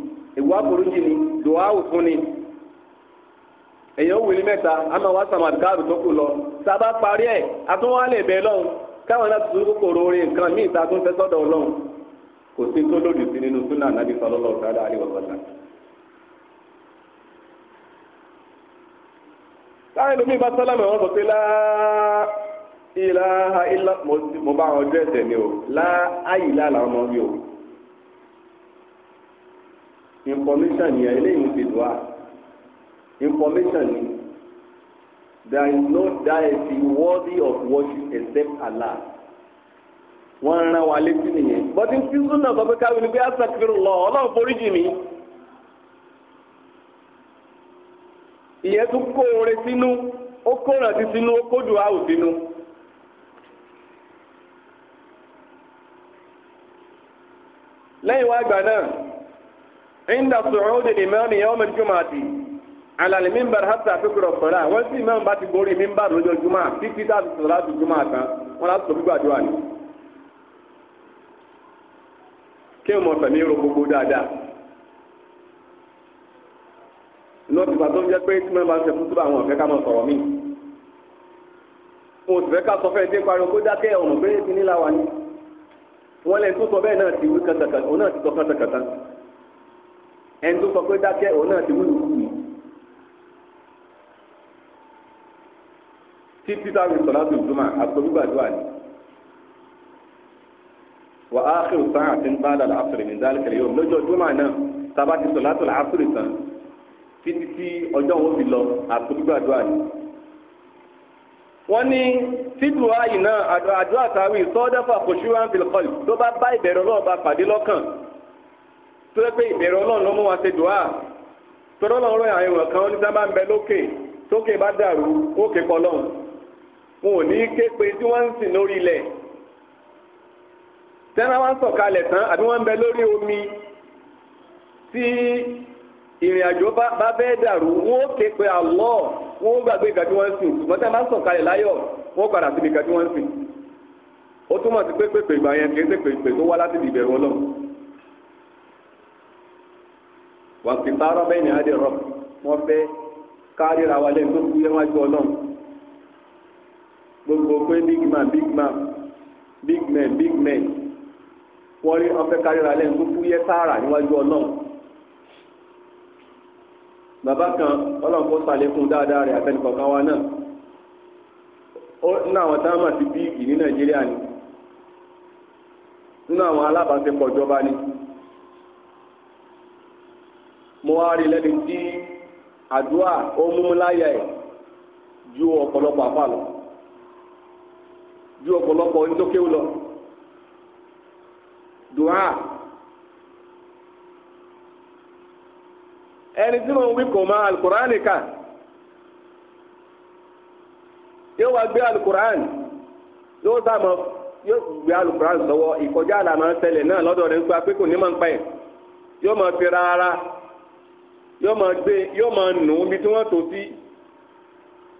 ìwà àforíjì ni dùwà òfun ni èyàn wù ní mẹ́ta àmà wà sàmàdì káàdù tó kù lọ sábà parí ẹ̀ àtúwálẹ̀ bẹ́ẹ̀ lọ́hùn káwọn náà tuntun kòkòrò orin nǹkan míì ta tún fẹ́ sọ́dọ̀ ọlọ́hùn kò sí tó lòdì sí nínú súnà nàbí sallallahu alaihi wa sallam. táyà lómi bá sálámù ẹ̀wọ̀n sọ pé lá ilaha illa mo bá wọn dẹ́sẹ̀ mi o lá ayìlá làwọn ọmọ mi o. information yẹn eléyìí ń fi dùn information ni there is no deity worthy of worship except Allah wọ́n ń wa létí nìyẹn bọ́dí ń tíṣú náà sọ pé káwé ni pé àṣàkiri lọ ọlọ́run forí jì mí ìyẹn tún kó oore sínú ó kó ìrántí sínú ó kó wá gbà náà. عند صعود الإمام يوم الجمعة على المنبر حتى فكر الصلاة وانسي الإمام باتي بوري منبر رجل الجمعة في كتاب صلاة الجمعة ولا تصبح أجواني kí wọn fẹmí ro gbogbo dáadáa lọ́ọ̀tì bá tó ń jẹ́ pé tí wọ́n bá ń ṣe fún túbọ̀ àwọn ọ̀fẹ́ ká máa sọ̀rọ̀ mí mo sì fẹ́ ká sọ fẹ́ẹ́ dé pariwo kó dákẹ́ ọ̀nà pé kí ní la wà wọ́n lẹ́yìn tó sọ bẹ́ẹ̀ náà ti wí kàtàkàtà òun náà ti sọ kàtàkàtà ẹni tó sọ pé dákẹ́ òun náà ti wúlò kù mí. títí táwọn ìsọ̀lá tó dùn mà àtòkù gbàdúrà ni. wà á kí òsán àti ń bá dàda àfẹrẹ ní dálẹ́ kẹlẹ́ yóò lọ́jọ́ dùn mà náà tába ti sọ̀lá tó làásùrì tán títí tí ọjọ́ òun fi lọ àtòkù ni. wọ́n ní títù ààyè náà àdúrà táwí sọ́ọ́dẹ́fà kò ṣúwà ń fi kọ́lì tó bá bá ìbẹ̀rẹ̀ náà tó yẹ pé ìbẹ̀rù ọlọ́run ló mú wọn ṣe dùá tọ́lọ́ kan ní sábà ń bẹ lókè tókè bá dàrú ókè kọlọ́run wọn ò ní ké pe tí wọ́n ń sìn lórí ilẹ̀ tẹ́lá wá ń sọ̀kalẹ̀ tán àbí wọ́n ń bẹ lórí omi tí ìrìn àjò bá dàrú wọn ó ké àlọ́ wọn ó gbàgbé ìgbà tí wọ́n ń sìn tẹ́lá wá ń láyọ̀ wọn ó padà síbi ìgbà tí wọ́n ń sìn ó túmọ̀ sí pé wà fi fárọ́ bẹ́ẹ̀ a adé rọ wọ́n fẹ́ kárìíra wa lẹ́yìn tó kú yẹn wájú ọlọ́run gbogbo pé big man big man big men big men wọ́n rí wọ́n fẹ́ kárìíra lẹ́yìn tó kú yẹn sára níwájú ọlọ́run bàbá kan ọlọ́run kó ṣàlékún dáadáa rẹ̀ àtẹnukọ̀kan wa náà ó nínú àwọn táwọn àti bíìgì ní nàìjíríà ni nínú àwọn alábàáṣepọ̀ ìjọba ni. mo wá rí tí àdúrà ó múmú ju ọ̀pọ̀lọpọ̀ àfà lọ ju ọ̀pọ̀lọpọ̀ nítòkéwò lọ dùhà ẹni tí mo ń wí kò máa alukur'ani kà yóò wá gbé alukur'ani yóò sá mọ yóò gbé ìkọjá ń náà ń pa máa yóò máa fi rárá. yóò máa gbé yóò máa nù ú bí tí wọ́n tó sí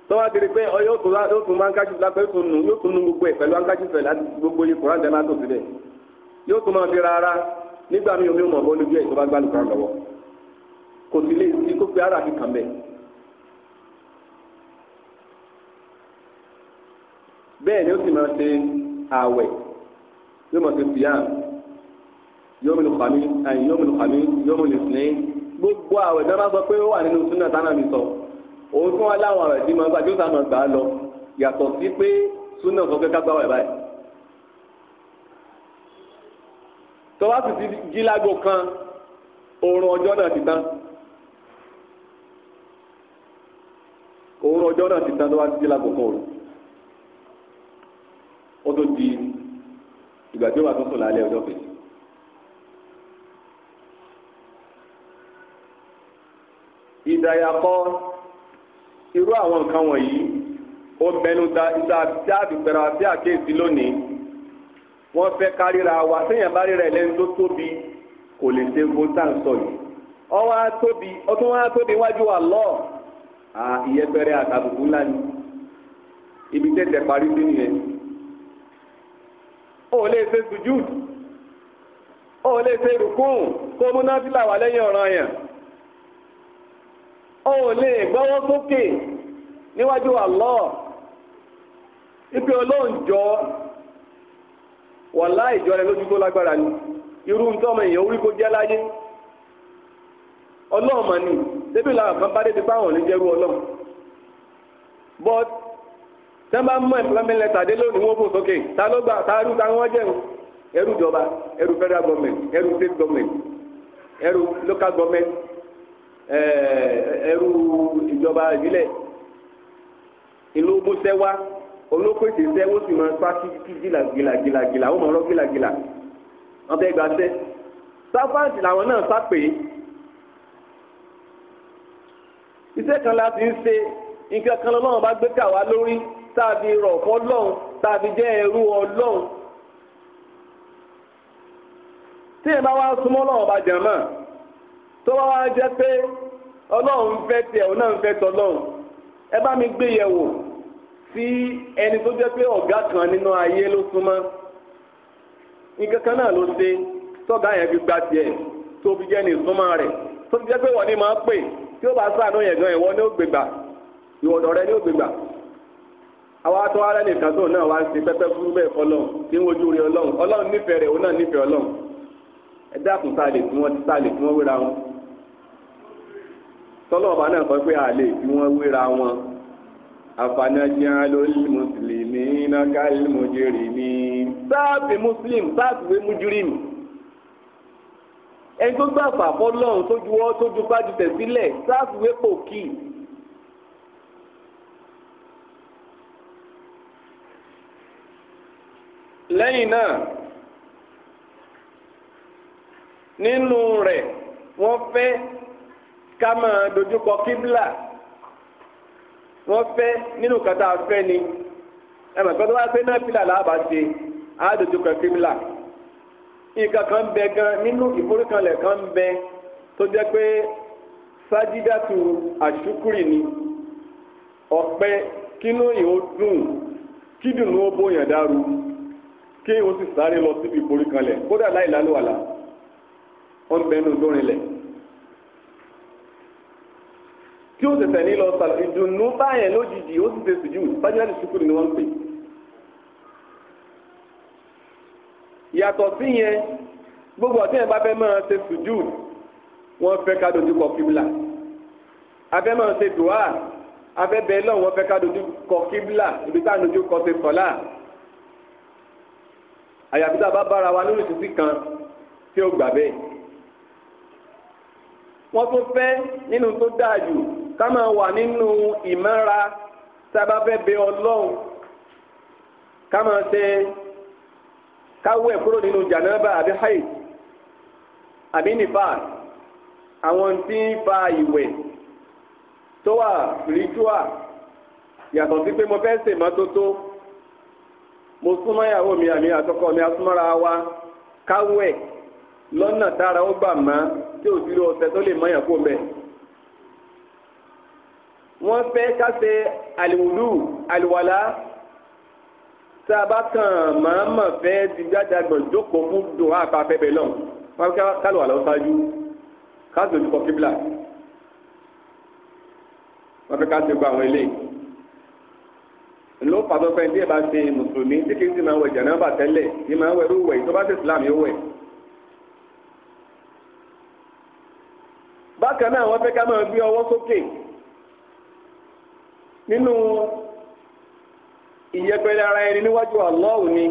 tọ́wọ́ adìrí pé yóò tún yóò tún mankájú lápẹ́ yóò tún nù yóò tún nù gbogbo ẹ̀ pẹ̀lú mankájú fẹ̀ láti gbogbo yìí kúrọ̀ àdàmà tó síbẹ̀ yóò tún máa fi rárá nígbà mi ò ní mọ̀ bọ́ lójú ẹ̀ tó bá gbàlù kan lọ́wọ́ kò sí lè sí kó pe ara fi kàn bẹ́ẹ̀. bẹ́ẹ̀ ni ó sì máa ṣe ààwẹ̀ yóò máa ṣe fìyà yóò mi yóò mi yóò mi gbogbo àwẹ̀ náà bá sọ pé ó wà nínú súnà tánà mi sọ òun fún wa láwọn àwẹ̀ tí mo gbà tí ó sàmọ̀ gbà á lọ yàtọ̀ sí pé súnà sọ pé ká gbà wẹ̀ báyìí. tó bá sì ti jí lágbo kan oorun ọjọ́ náà ti tán oorun ọjọ́ náà ti tán tó bá ti jí lágbo kan oorun ó tó di ìgbà tí ó bá tó sùn lálẹ́ ọjọ́ kejì. ìdáyà irú àwọn nǹkan wọ̀nyí ó bẹnu ta ìta tí àdùpẹ̀rẹ̀ àti àkéèsí lónìí wọ́n fẹ́ kárìíra wa séèyàn bá ríra ẹlẹ́ni tó tóbi kò lè ṣe yìí ọwọ́ tóbi ọtún wọn wájú lọ́ọ̀ ni ibi tẹ̀tẹ̀ parí sí nìyẹn ó lè ṣe o ó lè ṣe rùkún kó múná ọ ò lè gbọ́wọ́ sókè níwájú Allah ipe olóńjọ wàlá ìjọ rẹ lójú tó lágbára ni irú ń tọ́mọ èèyàn orí kó jẹ́ láyé ọlọ́ọ̀mọ ni débi làwọn kan bá débi báwọn lè jẹ́rú ọlọ́ọ̀ but tẹ́ bá mọ employment letter dé lónìí wọ́n fò sókè ta ló gbà ta rú ta wọ́n jẹun ẹrú ìjọba ẹrú federal government ẹrú state government ẹrú local government ẹrú ìjọba ìbílẹ̀ ìlú gbósẹ́ wá olókòtè sẹ́ ó sì máa ń pàṣẹ kí gìlàgìlàgìlà ó máa rọ́ gìlàgìlà wọ́n fẹ́ gba sẹ́ sáfáǹsì làwọn náà sápè é iṣẹ́ kan la ti ń ṣe nǹkan kan lọ́wọ́ bá gbé kà wá lórí tàbí rọ̀fọ́ lọ́hùn tàbí jẹ́ ẹrú ọlọ́hùn tí ẹ bá wá súnmọ́ lọ́wọ́ bá jẹ̀ mọ́. tó wá wá jẹ́ pé ọlọ́run fẹ́ tiẹ̀ òun náà fẹ́ tọlọ́run ẹ bá mi gbé wò sí ẹni tó jẹ́ pé ọ̀gá kan nínú ayé ló súnmọ́ nǹkan kan náà ló ṣe tọ́gá yẹn fi gba tiẹ̀ tó fi jẹ́ ní ìsúnmọ́ rẹ̀ tó fi jẹ́ pé wọ́n ní máa pè tí ó bá sáànù yẹn gan ìwọ ni ó gbégbà ìwọ̀dọ̀ rẹ ni ó ara náà wá pẹ́pẹ́ tọ́lọ́ọ̀bá náà sọ pé àlè tí wọ́n wéra wọn àfànàjìyàn lórí mùsùlùmí náà káàlì mùjírì ní. sáàbì mùsùlùm sáàbì wé mùjírìm ẹni tó gbàgbà fọlọ́run tó ju ọ́ tó ju bájú tẹ̀ sílẹ̀ sáàbì wé pòkì. lẹ́yìn náà nínú rẹ̀ wọ́n fẹ́. Kama máa dojúkọ kíbla wọ́n fẹ́ nínú kàtà fẹ́ ni ẹ̀mọ̀ kan tó wá pé náà kíbla làbà ṣe á dojúkọ kíbla nǹkan kan bẹ gan nínú ìforíkanlẹ̀ kan bẹ tó jẹ́ pé sájídàtù àṣùkúrì ni ọ̀pẹ kínú yìí ó dùn kídùnú ó bóyàn dàrú kí ó sì sáré lọ síbi ìforíkanlẹ̀ kódà láìláàlú àlà wọ́n bẹnu lórinlẹ̀ tí ó tẹ̀sẹ̀ ní lọ sàlẹ̀ ìdùnnú báyẹn lójijì ó sì ṣe sùjú fájúláì ṣùkúrù ni wọ́n ń pè. yàtọ̀ sí yẹn gbogbo ọ̀tí yẹn bá fẹ́ máa ṣe sùjú wọ́n fẹ́ ká dojú kọ kíbla afẹ́ máa ṣe dùá afẹ́ bẹ́ẹ̀ lọ́wọ́ wọ́n fẹ́ ká dojú kọ kíbla ibi tá a ń dojú kọ ṣe sọ̀lá àyàfi tá a bá bára wa lórí ìṣesí kan tí ó gbà bẹ́ẹ̀ wọ́n tún fẹ́ nínú tó dáa jù Kama máa wà nínú ìmọ̀ra sábà fẹ́ bẹ ọlọ́run ká máa ṣe káwọ́ ẹ̀ kúrò nínú jànáàbà àbí haid àbí nìfà àwọn tí ń fa ìwẹ̀ tó wà ritual yàtọ̀ sí pé mo fẹ́ ṣe mọ́tótó mo súnmọ́ ìyàwó mi àmì àtọkọ mi asúnmọ́ra wa káwọ́ ẹ̀ lọ́nà tára ó gbà mọ́ tí ò dúró ọ̀sẹ̀ tó lè mọ́yàn kó bẹ́ẹ̀ wọ́n fẹ́ ká ṣe àlùwùlù àlùwàlá tá a bá kàn màámà fẹ́ ti gbàdàgbọ̀n jókòó fún dùn àpapẹ̀ bẹ̀ lọ wọ́n fẹ́ kálùwàlá ṣáájú ká sì olùkọ́ kíbla wọ́n fẹ́ ká ṣe gba àwọn eléyìí ló pàtó pé tí ẹ bá ṣe mùsùlùmí tí kì í sì máa wẹ̀ jànábà tẹ́lẹ̀ tí máa wẹ̀ ló wẹ̀ tó bá ṣe islam yóò wẹ̀. bákan náà wọ́n fẹ́ ká máa gbé ọwọ́ sókè. nínú ìyẹpẹrẹ ara ẹni níwájú àlọ́ọ̀ ni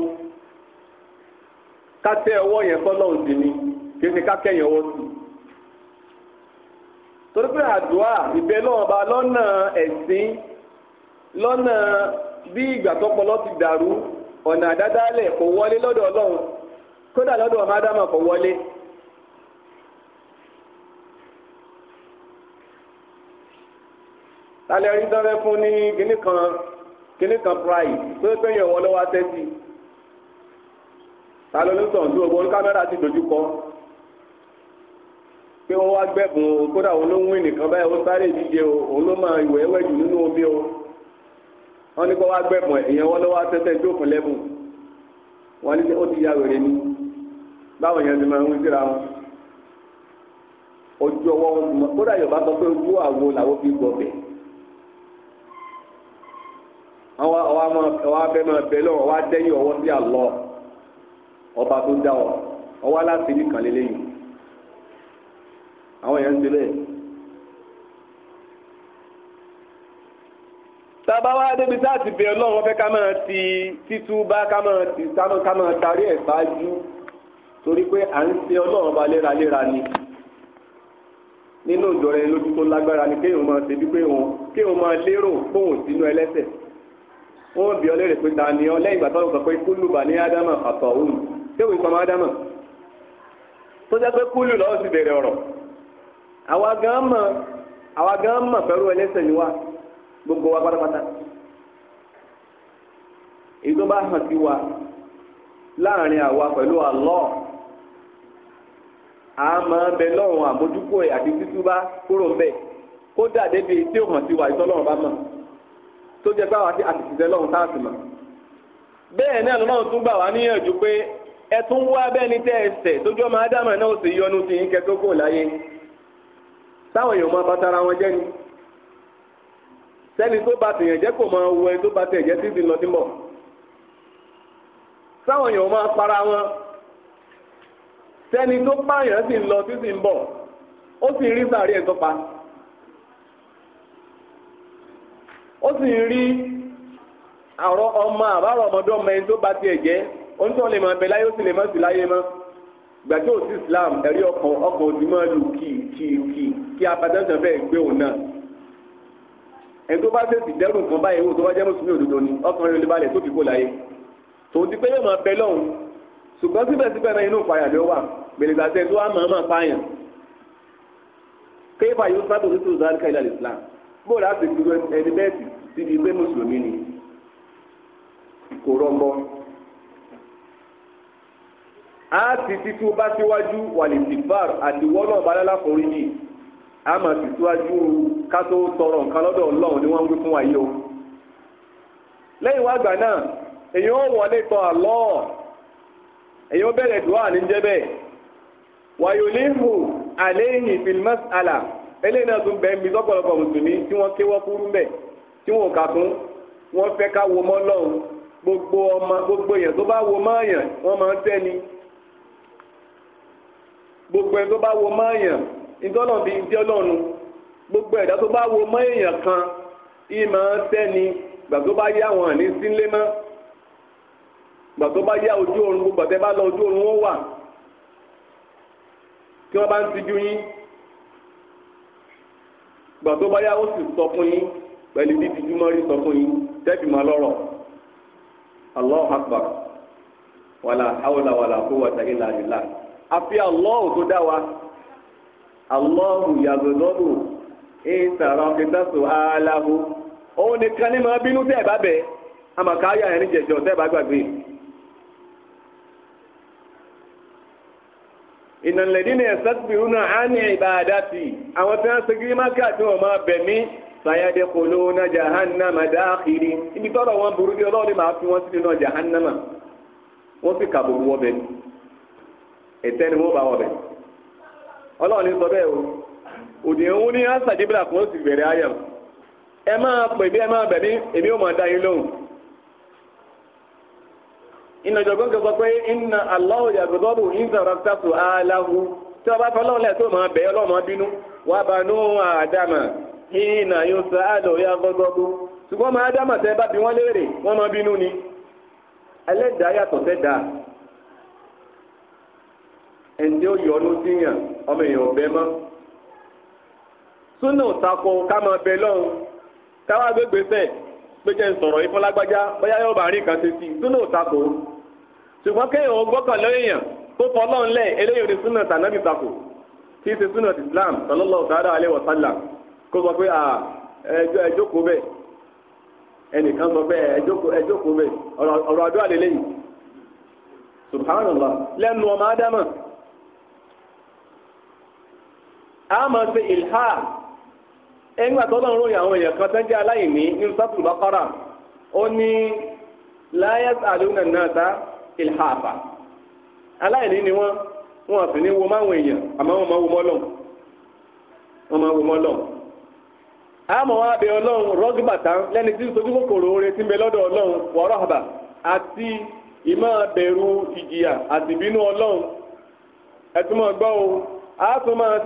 kátẹ́ ọwọ́ yẹn fọlọ́ọ̀ sí ni kí ni kákẹ́yìn ọwọ́ sí torí pé àdúrà ìbẹ́ náà bá lọ́nà ẹ̀sìn lọ́nà bí ìgbà tọpọlọ ti dàrú ọ̀nà àdádálẹ̀ kò wọlé lọ́dọ̀ ọlọ́run kódà lọ́dọ̀ ọmọ ádámà kò wọlé. lálẹ́ rí dánwẹ́ fún ní kinní kan kinní kan pride tó pé yẹn wọ́n lọ́wọ́ tẹ́tì ta ló ń sọ̀ ní owó kámẹ́rà ti dojú kọ pé wọ́n wá gbẹ̀bùn kódà òun ló ń wí nìkan báyìí ó sáré ìdíje o òun ló máa ìwẹ̀ ẹ̀wẹ̀ jù nínú omi o wọ́n ní kó wá gbẹ̀bùn ìyẹn wọ́n lọ́wọ́ tẹ́tẹ́ tó kún lẹ́bùn wọ́n ní ó ti ya wèrè ni báwọn yẹn ti máa ń wí síra wọn ojú ọwọ́ kódà Yorùbá sọ pé ojú àwo làwọn fi gbọ́ bẹ́ẹ̀ àwọn àwọn àmọ àwọn abẹ máa bẹ lọ àwọn adẹyìn ọwọ́ sí àlọ ọba tó dá ọ ọwọ́ aláṣẹ nìkan lélẹyìn àwọn èèyàn ń ṣe bẹ́ẹ̀. tábà wá débi tá a ti bẹ Ọlọ́run wọn fẹ́ ká máa ti títúbà ká máa ti sámọ ká máa tarí ẹ ṣáájú torí pé à ń ṣe Ọlọ́run ba léraléra ni nínú ìjọra ẹni lójú tó lágbára ni kéèyàn máa ṣe bí pé òun kéèyàn máa lérò póun sínú ẹlẹ́ṣẹ̀. wọ́n bí ọ léèrè pé ta ni ọ lẹ́yìn ìgbà tó lọ́kọ̀ pé kúlù bà ní ádámà àtọ̀ òun kéwì sọmọ ádámà tó jẹ́ pé kúlù lọ́wọ́ sì ọ̀rọ̀ àwa gan mọ̀ pẹ̀lú ẹlẹ́sẹ̀ ni wa gbogbo wa pátápátá èyí hàn sí wa láàrin àwa pẹ̀lú àlọ́ àmọ́ bẹ lọ́rùn àmójúkò ẹ̀ àti títúbá kúrò ń bẹ̀ kódà débi tí hàn sí wa bá mọ̀. tó jẹ́ pé àwọn àtìsíṣẹ́ lọ́hùn tá a sì mọ̀. bẹ́ẹ̀ náà tún gbà wá níyànjú pé ẹ tún wá bẹ́ni tẹ́ ẹ sẹ̀ ọmọ ádámà náà sì yọnu sí kò láyé táwọn èèyàn máa wọn jẹ́ ni sẹ́ni tó bá tèèyàn jẹ́ kò máa wọ ẹ tó bá jẹ́ lọ sí wọn sẹ́ni tó pààyàn sì lọ ń bọ̀ ó sì ó sì ń rí àrọ ọmọ àbárò ọmọdé ọmọ ẹni tó bá tiẹ̀ jẹ́ onítọ̀ lè máa bẹ láyé ó sì lè má sí láyé mọ́ gbàtí òsì Islam ẹ̀rí ọkàn ọkàn òsì máa lù kì kì kì kí abadánsán fẹ́ gbé òun náà ẹni tó bá tẹ̀sí dẹ́rù nǹkan báyìí wò tó bá jẹ́ mùsùlùmí òdodo ni ọkàn rẹ̀ lè balẹ̀ tó fi kó láyé tòun ti pé yóò máa bẹ lọ́hùn ṣùgbọ́n síbẹ̀síbẹ̀ náà inú ìpayà ló wà gbèlègbà tẹ̀ tó wà máa máa pààyàn kéèfà yóò sábò nítorí zálíkà bóòlù àti ìgbìmọ̀ ẹni bẹ́ẹ̀ sì ti di pé mùsùlùmí ni kò rọgbọ. a ti títú bá síwájú wàlìtìfàr àti wọ́nà balẹ́lá forí yìí a máa ti síwájú ká tó tọrọ nǹkan lọ́dọ̀ ọlọ́run ni wọ́n ń wí fún wa yìí o. lẹ́yìn wá gbà náà èyí ó wọlé tọ̀ àlọ́ èyí ó bẹ̀rẹ̀ dùn àníjẹ́ bẹ́ẹ̀ wàyò ní hù àléhìn fìlmọ́sálà eléyìí náà tún bẹ́ẹ̀ mi sọ́pọ̀lọpọ̀ mùsùlùmí tí wọ́n kéwọ́ kúrú mbẹ̀ tí wọ́n kà kún wọ́n fẹ́ ká wo mọ́ lọ́hùn gbogbo ọmọ gbogbo èèyàn tó bá wo mọ́ èèyàn wọ́n máa ń tẹ́ni gbogbo ẹni tó bá wo mọ́ èèyàn ìtọ́nà bíi ìdí ọlọ́run gbogbo ẹ̀dá tó bá wo mọ́ èèyàn kan yìí máa ń tẹ́ni gbà tó bá yá wọn ní sílé mọ́ gbà tó bá yá ojú oorun gbogbo àtẹ́ bá lọ ojú oorun wọn wà tí wọ́n bá ń tijú yín gbà tó osi ó sì sọ fún yín pẹ̀lú bí tìjúmọ́ rí sọ fún yín tẹ́bí máa lọ́rọ̀ Allahu akbar wàlà hawla wàlà quwwata illa billah àfi Allahu tó dá wa Allahu yàgòdọ́bù ìsàrọ̀ kìtàsù aláhu òun nìkan ní bínú tẹ́ ẹ̀ bá bẹ̀ níjẹ̀jọ́ tẹ́ ẹ̀ bá gbàgbé inna ẹ̀sàgbìrúnà á na ìbàdàtì na tí wọ́n segiri máka tí wọ́n máa bẹ̀ mí ma kolona jahannama dáàkiri ibi na wọn burú ní ọlọ́run máa fi wọ́n sí nínú jahannama wọ́n fi kàbòrò wọ́n bẹ̀ ẹ̀tẹ́ ni wọ́n bá wọ́n bẹ̀ ọlọ́run be bẹ́ẹ̀ o òdì ẹ̀hún ní asàdébìlà kò sì bẹ̀rẹ̀ ayọ̀ ìnàjọ̀gbọ́n kan sọ pé iná aláwọ̀ yàgbọ́dọ́bù ìzàrọ̀tàtù aláhu tí wọ́n bá fẹ́ lọ́wọ́lẹ̀ tó máa bẹ̀ẹ́ lọ́mọ bínú wà bá nú àdámà ìnà yóò sá àlọ́ yàgbọ́dọ́bù ṣùgbọ́n máa dámà tẹ́ bá bí wọ́n léèrè wọ́n máa bínú ni ẹlẹ́dàá yàtọ̀ sẹ́dàá ẹ̀ǹdí ó yọ ọ́nú síyàn ọmọ èèyàn ọ̀bẹ mọ́ súnà òtakò ká máa bẹ lọ́hùn káwá ń sọ̀rọ̀ ṣùgbọ́n kéèyàn ó gbọ́kàn lóyèèyàn tó fọlọ́n lẹ̀ eléyìí ní súnà tànàbì takò tí í ṣe súnà islam sallallahu ta'ala wa sallam kó sọ pé ẹjọ́ ẹjọ́ kó bẹ́ẹ̀ ẹnìkan sọ pé ẹjọ́ kó bẹ́ẹ̀ ọ̀rọ̀ àdúrà subhanallah a máa ṣe ilha ẹgbẹ́ àtọ́lọ́run ròyìn àwọn èèyàn kan n'i ilhafa aláìní ni wọn sì ní wo máwọn èèyàn àmọ́ wọn máa wo mọlọ. wọn máa wo A àmọ́ wọn abẹ ọlọ́run rọ́gbàtà lẹ́ni tí sojú kòkòrò oore ti ń bẹ lọ́dọ̀ ọlọ́run wọ́ọ́rọ́ àbà àti ìmọ̀ bẹ̀rù ìjìyà àti ìbínú ọlọ́run ẹtùmọ̀ o a máa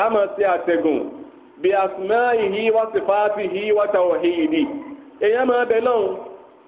a máa bí ìhí wá sí wá èèyàn máa bẹ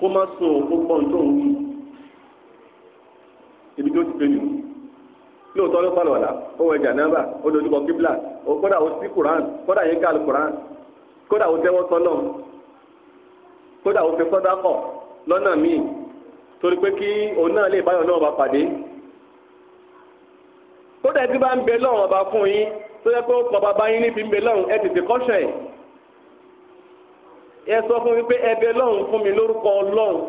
kó má sùn òun kó gbọ́n tó ń wí ibi tó ti pè nù lóòótọ́ ló pàlọ́ ọ̀la ó wọ ẹja náà bà ó dojúkọ kíbla ó kódà ó sí kuran kódà yín ká kuran kódà ó tẹ́wọ́ sọ́nà kódà ó fi sọ́dá kọ̀ lọ́nà míì torí pé kí òun náà lè báyọ̀ náà bá pàdé kódà ẹtí bá ń bẹ lọ́rùn ọba fún yín tó yẹ kó kọ́ bàbá yín níbi ń bẹ lọ́rùn ẹ tètè kọ́ṣẹ́ ẹ sọ fún mi pé ẹ̀bẹ̀ lọ́hùn fún mi lórúkọ Ọlọ́hun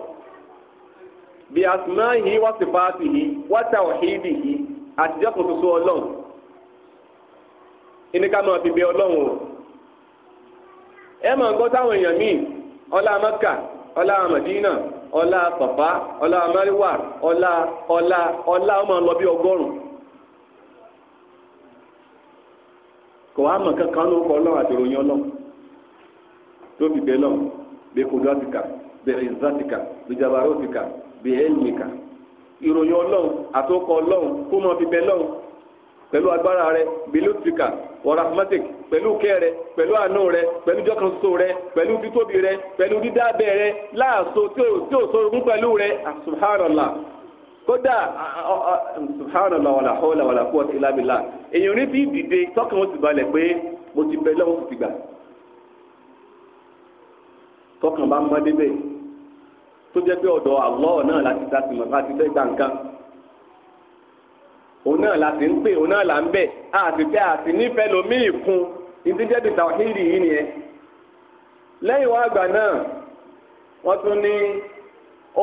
bí asma'ihi wa sifatihi wa tawhidihi àtijọ́ kò soso Ọlọ́hun ẹni ká máa fi bẹ̀ o ẹ máa gbọ́ táwọn èèyàn míì ọlá Mẹ́kà ọlá amadina ọlá Sàfá ọlá ọlá ọlá ọlá ọmọ ọgọ́rùn kò tó fi bẹ́ẹ̀ lọ bí kudratika bí izzatika bí jabarotika bí ilmika ìròyìn ọlọ́run àtòkọ ọlọ́run kó mọ fi bẹ́ẹ̀ lọ́run pẹ̀lú agbára rẹ bí lùtìkà warahmatik pẹ̀lú kẹrẹ pẹ̀lú àánú rẹ pẹ̀lú jọkànso rẹ pẹ̀lú títóbi rẹ pẹ̀lú dídábẹ́ rẹ láàṣọ tí ò sorogún pẹ̀lú rẹ ah, subhanallah kódà ah, ah, subhanallah wàlà hawla wàlà quwwata illa billah èèyàn ní bí dìde tọkàn ó ti balẹ̀ pé mo ti bẹ lọ́wọ́ ti gbà tọkàn bá mọ́ débẹ̀ tó jẹ́ pé ọ̀dọ̀ Allah náà láti ta sí màá ti fẹ́ gbà nǹkan òun náà láti ń pè òun náà là ń bẹ̀ àti tẹ́ àti nífẹ̀ẹ́ lómìn fún ìdíjẹ́ bìtà hírì yìí nìyẹn lẹ́yìn wá àgbà náà wọ́n tún ní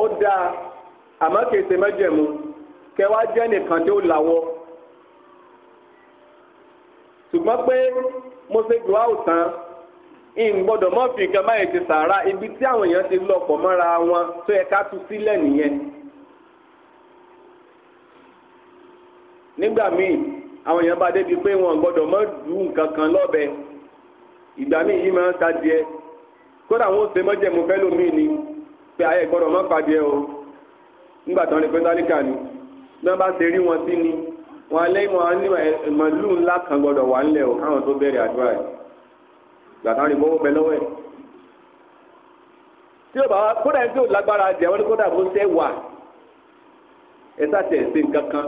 ó dáa àmọ́ kì í kẹwàá jẹ́ nìkan tí ó làwọ́ pé mo ṣe dùn áwùtán ìgbọ́dọ̀ mọ́ fi nǹkan báyìí ti sàárà ibi tí àwọn èèyàn ti lọ pọ̀ mọ́ra wọn tó yẹ ká tú sílẹ̀ nìyẹn. nígbà míì àwọn èèyàn bá débi pé wọn gbọ́dọ̀ mọ́ du nǹkan kan lọ́bẹ ìgbà míì yìí máa ń ta díẹ̀ kódà wọn ò ṣe mọ́jẹ̀mú fẹ́lómìn ni pé ayé gbọ́dọ̀ mọ́ pa díẹ̀ o nígbà tí wọ́n lè ni bí wọ́n bá ṣe rí wọn sí ni wọn alẹ́ ìmọ̀ ìmọ̀lú ńlá kan gbọ́dọ̀ wà ńlẹ̀ o káwọn tó bẹ̀rẹ̀ àdúrà yìí gbàtàn rí gbówó bẹ lọ́wọ́ ẹ̀ tí o bá wa kódà ẹni tí o lágbára jẹ wọn ni kódà bó ṣe wà ẹ sàtẹ ẹsẹ kankan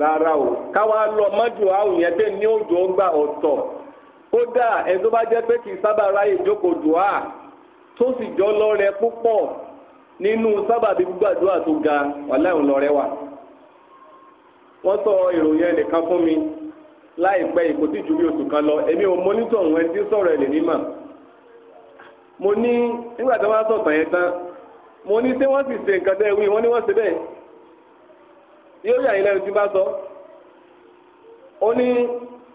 rárá o káwa lọ mọ́jú àwọn yẹn tẹ́ ní òjò gbà ọ̀tọ̀ kódà ẹni tó bá jẹ́ pé kì í sábà ráyè jókòó dùá tó sì jọ lọ́rẹ púpọ̀ nínú sábàbí gbàdúrà tó ga wàláhùn lọ́rẹ wà wọ́n sọ ìròyìn ẹnìkan fún mi. láìpẹ́ yìí kò tí ju bí oṣù kan lọ èmi ò mọ́nítọ̀ òun ẹni tí sọ̀rọ̀ lè ní mà mo ní nígbà tí wọ́n sọ̀tàn yẹn tán mo ní tí wọ́n sì ṣe nǹkan tẹ́ wí wọ́n ní wọ́n ṣe bẹ́ẹ̀ yóò yà yín lẹ́nu tí bá sọ ó ní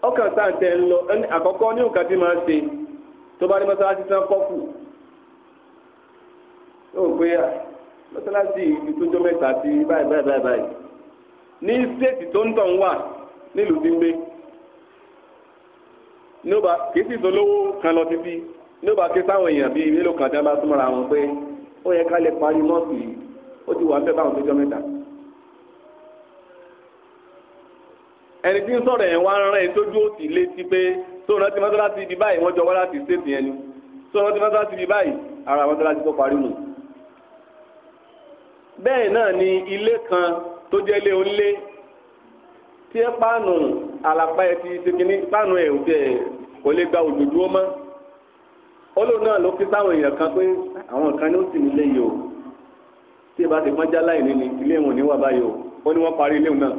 ọkàn sáà ń lọ àkọ́kọ́ ní nǹkan tí máa ṣe tó bá ní mọ́sálásí tán kọ́kù yóò pé mọ́sálásí ibi tó mẹ́ta ti báyìí báyìí báyìí ní stéètì tó nígbà kì í sì dolówó kan lọ títí nígbà kí sáwọn èèyàn bíi mélòó kan dáná súnmọ́ra wọn pé ó yẹ ká lè parí mọ́ọ̀sì yìí ó ti wà ń bẹ báwọn tó jọ mẹ́ta. ẹni tí ń sọ̀rọ̀ yẹn wá ń rán ẹ tójú òsì létí pé tó rántí mọ́tàlásí ibi báyìí wọ́n jọ wá láti ṣètì yẹn ni tó rántí mọ́tàlásí ibi báyìí ara mọ́tàlásí tó parí mu. bẹ́ẹ̀ náà ni ilé kan tó jẹ́ ilé onílé tí ẹ pàánù àlàpà ẹ ti ṣe kínní fáànù ẹ ò tiẹ̀ kò lè gba òdòdó mọ́ olóò náà ló fi sáwọn èèyàn kan pé àwọn kan ní ó sì nílé yìí o tí ìbá ti pọ́njá láìní ni ilé ìwọ̀n ní wà báyìí o ó ní wọ́n parí ilé ìwọ̀n náà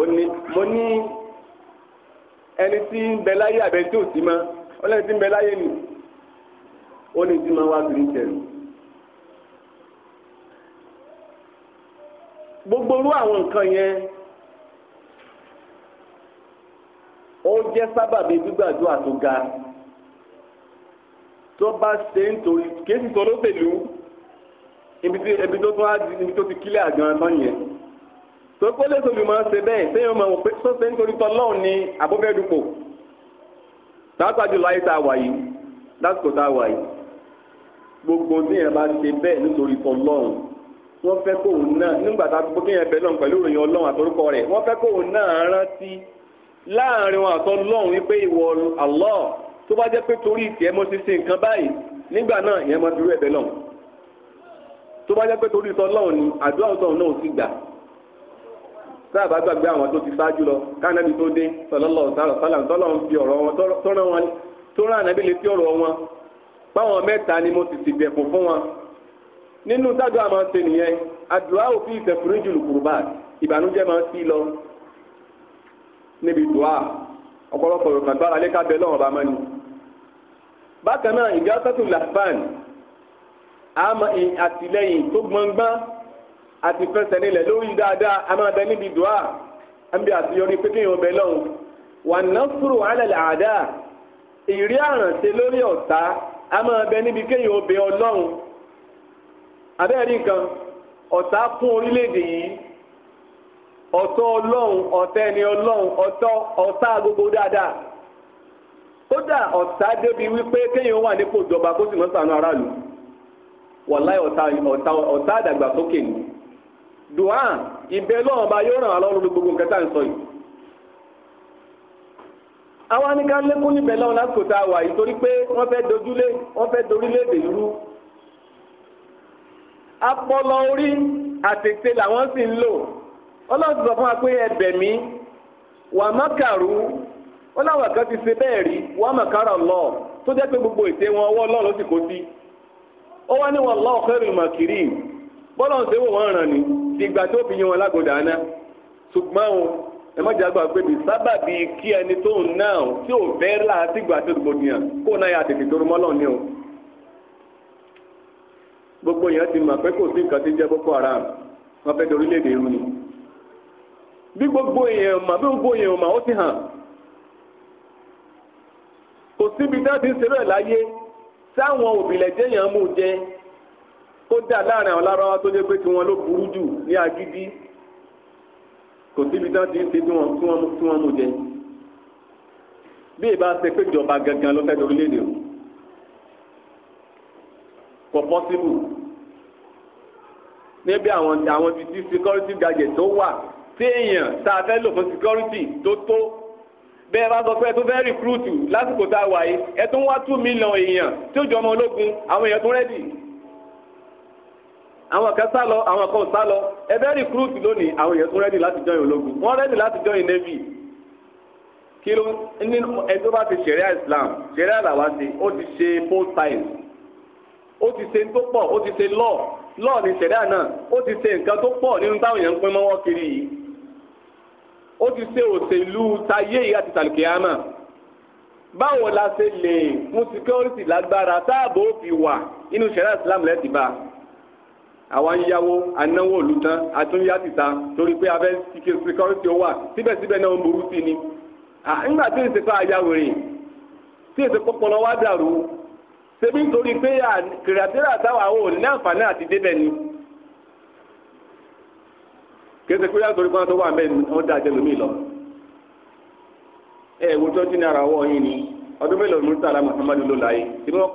ó ní mo ní ẹni tí ń bẹ láyé àbẹ tí ò sí mọ́ ó lẹ́ni tí ń bẹ láyé nì ó ní tí máa wá sí ìtẹ̀rù. gbogbo irú àwọn nǹkan yẹn ó jẹ́ sábàbí gbígbàdúrà tó ga tó bá ṣe ń torí kéésì tó ló pẹ̀lú ibi tó tún á di ibi tó ti kílẹ̀ àgbọn tán yẹn tó kó lè tóbi máa ń ṣe bẹ́ẹ̀ sẹ́yìn máa ń pè tó ṣe ń torí tọ́lọ́ọ̀ ni abọ́fẹ́ dupò tààtà jùlọ ayé tá a wà yìí lásìkò tá a wà yìí gbogbo tí yẹn bá ṣe bẹ́ẹ̀ nítorí tọ́lọ́ọ̀ wọ́n fẹ́ kóun náà nígbà tá a gbogbo kéèyàn bẹ́ẹ̀ lọ́n pẹ̀lú ìròyìn ọlọ́run àtọ́rúkọ rẹ̀ wọ́n fẹ́ kóun náà rántí láàrin wọn àtọ lọ́hùn wípé ìwọ Allah tó bá jẹ́ pé torí ìtìẹ́ mọ́ sísè nǹkan báyìí nígbà náà ìyẹn máa fi rú ẹ̀bẹ̀ lọ́hùn tó bá jẹ́ pé torí ìtọ́ lọ́hùn ni àdúrà ọ̀tọ̀ náà ò sì gbà tá a bá gbàgbé àwọn tó ti ṣáájú lọ kánábì tó dé sọlọ́lọ́ ọ̀tàrọ̀ sálàm tọ́lọ́ ń fi ọ̀rọ̀ wọn tọ́rọ̀ wọn tó rán ànábì létí ọ̀rọ̀ wọn báwọn mẹ́ta ni mo sì ti bẹ̀kùn fún wọn nínú tágbà máa ń ṣe nìyẹn àdúrà òfin ìfẹ̀fúrújù lùkùrùbà ìbànújẹ́ máa ń níbi dùá ọ̀pọ̀lọpọ̀ yorùbá gbára lé kábẹ́ lọ́wọ́n bá mọ́ni. bákan náà ìgbà sẹ́tù làbán àmọ́ àtìlẹ́yìn tó gbọ̀ngbọ́n àti fẹsẹ̀ nílẹ̀ lórí dáadáa a máa bẹ níbi dùá ẹnbí àtìyọrí pé kéèyàn bẹ lọ́wọ́ wà násùrù alẹ́ àdá ìrí àrànṣe lórí ọ̀tá a máa bẹ níbi kéèyàn obè abẹ́rẹ́ nǹkan ọ̀tá fún orílẹ̀-èdè yìí ọ̀tọ̀ ọlọ́run ọ̀tẹni ọlọ́run ọ̀tọ̀ ọ̀tá gbogbo dáadáa kódà ọ̀tá débi wípé kéèyàn wà nípò ìjọba kó sì mọ́ sànú aráàlú wàláì ọ̀tá ọ̀tá ọ̀tá àdàgbàsókè ni ìbẹ́ yóò ràn án lọ́rùn gbogbo nǹkan tá à ń sọ yìí àwa ní a wà ọlọ́run ti sọ fún wa pé ẹbẹ̀ mi wà má kàrú wọn láwọn àkàn ti ṣe bẹ́ẹ̀ rí wà má kàrà lọ tó jẹ́ pé gbogbo ète wọn ọwọ́ ọlọ́run ti kó sí ó wá ní wọn lọ ọ̀kẹ́ rìn màkìrì bọ́lá ń ṣe wò wọ́n ràn ní ìgbà tó fi yin wọn lágòdà náà ṣùgbọ́n o ẹ má jágbá pé bí kí ẹni tó ń náà tí ò fẹ́ láti gbà tó gbòdìyàn kó náà yà tètè torú mọ́lọ́ ni o gbogbo yẹn ti mọ̀ pé kò sí nǹkan tí jẹ́ Boko Haram wọ́n fẹ́ dorílẹ̀-èdè irú ni bí gbogbo èèyàn mà bí gbogbo èèyàn mà ó ti hàn kò síbi tá a ti ń ṣerú ẹ̀ láyé sáwọn òbílẹ̀jẹ́ yẹn mú jẹ kódà láàrin àwọn lárúbáwá tó jẹ́ pé tiwọn ló burú jù ní agídí kò síbi tá a ti ń ṣe tí wọ́n mú jẹ bí ìbá ṣe pé ìjọba gangan ló fẹ́ dorí léde o kò pọ́sibù níbi àwọn àwọn ti ti security gadget tó wà sí èèyàn tá a fẹ́ lò fún security tó tó bẹ́ẹ̀ bá sọ pé ẹ tó fẹ́ rìkúrútù lásìkò tá a wà yìí ẹ tó wá two million èèyàn tí ó jọ ọmọ ológun àwọn èèyàn tó rẹ́dì àwọn kan sá lọ àwọn kan sá lọ ẹ fẹ́ rìkúrútù lónìí àwọn èèyàn tó rẹ́dì láti jọyìn ológun wọ́n rẹ́dì láti jọyìn navy kí ló ní ẹ tó bá ti ṣẹ̀ríà Islam ṣẹ̀ríà làwa ṣe ó ti ṣe post time ó ti ṣe tó pọ̀ ó ti ṣe lọ́ọ̀ lọ́ọ̀ ni ṣẹ̀ríà náà ó ti ṣe nǹkan tó pọ̀ nínú táwọn èèyàn ń pín mọ́wọ́ kiri yìí ó ti ṣe òṣèlú tayé yìí àti tàlùkìyàmà báwo la ṣe lè fún security lágbára táàbò fi wà nínú sẹ̀rẹ̀ islam lẹ́tì bá àwa ń yáwó anáwó òlu tán àtúnyá tìta torí pé abẹ́ security ó wà síbẹ̀síbẹ̀ náà ń burú sí ni nígbà tí èsì pa àyàwòrè tí èsì pọpọlọ wá dàrú ṣebí nítorí pé kìrìàtìrà táwa ò ní àǹfààní àti débẹ̀ ni. kéde kúrò àtòrí kan tó wà mẹ́rin wọ́n dá àjẹlò mí lọ. ẹ wo tọ́jú náírà yín ni ọdún mélòó ní sàlá Muhammadu ló láyé tí wọ́n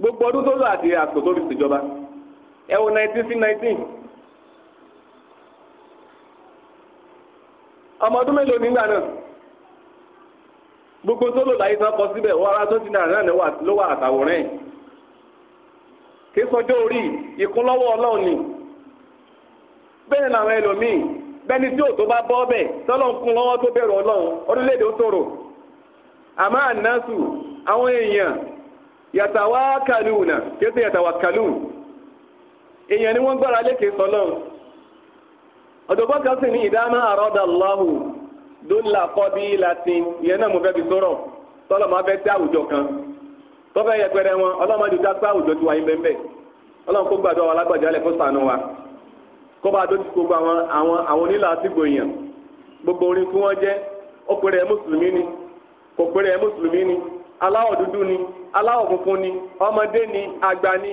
gbogbo ọdún tó lọ àti àsìkò tó fi ṣèjọba ẹ ọmọ ọdún mélòó nígbà náà gbogbo tó lò láyé tán kọ síbẹ̀ ara náírà náà wà bẹ́ẹ̀ làwọn ẹlòmíì bẹ́ni tí òtó bá bọ́ bẹ́ẹ̀ tọ́lọ̀ ń kún lọ́wọ́ tó bẹ̀rù ọlọ́run orílẹ̀-èdè ó tòrò àmọ́ ànásù àwọn èèyàn yàtàwá kàlùnà kéde yàtàwá kàlùn èèyàn ni wọ́n gbára lékè sọlọ́run ọ̀dọ̀gbọ́n kan sì ní ìdáná àrọ́dà lọ́hù dólà kọ́bí latin ìyẹn náà mo fẹ́ fi sọ̀rọ̀ tọ́lọ̀ máa fẹ́ sí àwùjọ kan tọ́fẹ́ yẹpẹrẹ wọn ọlọ́mọdé dá àwùjọ bẹ́ẹ̀ bẹ́ẹ̀ ọlọ́run kó gbàdúrà fún sànù wa. kọ́ba tó ti gbogbo àwọn àwọn àwọn onílà àtìgbò èèyàn gbogbo orin tí wọ́n jẹ́ ọkùnrin ẹ̀ mùsùlùmí ni kòkòrò ẹ̀ mùsùlùmí ni aláwọ̀ dúdú ni aláwọ̀ funfun ni ọmọdé ni àgbà ni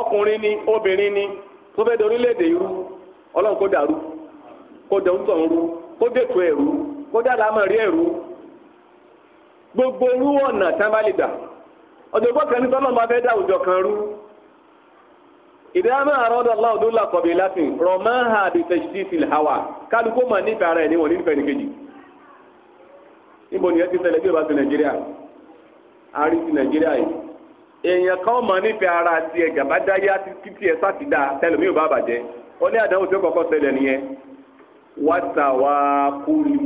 ọkùnrin ni obìnrin ni tó fẹ́ dorí léde irú ọlọ́run kó dàrú kó dẹ̀hún tọ̀ ń rú kó dẹ̀tọ̀ ẹ̀rú kó dàdá mọ̀ rí ẹ̀rú gbogbo orú ọ̀nà tí wọ́n bá lè gbà ọ̀dọ̀gbọ́n kan ní fẹ́ dá àwùjọ kan rú ìdáná àrọ́dọ̀ aláwọ̀dún làkọ̀bí latin rọ̀mọ́hà àbẹ̀tẹ̀sí ti hàwà kálukú mà ní ìbára ẹ̀ níwọ̀n nífẹ̀ẹ́ nìkejì níbo ni ẹ ti ṣẹlẹ̀ bí ìbá ti nàìjíríà àárín ti nàìjíríà yìí èèyàn kan mà nífẹ̀ẹ́ ara ti ẹ̀ gàbádáyé àti títí ẹ̀ sátidá tẹlomi ò bá bàjẹ́ ó ní àdánwò tí ó kọ́kọ́ ṣẹlẹ̀ nìyẹn wàtàwákùlù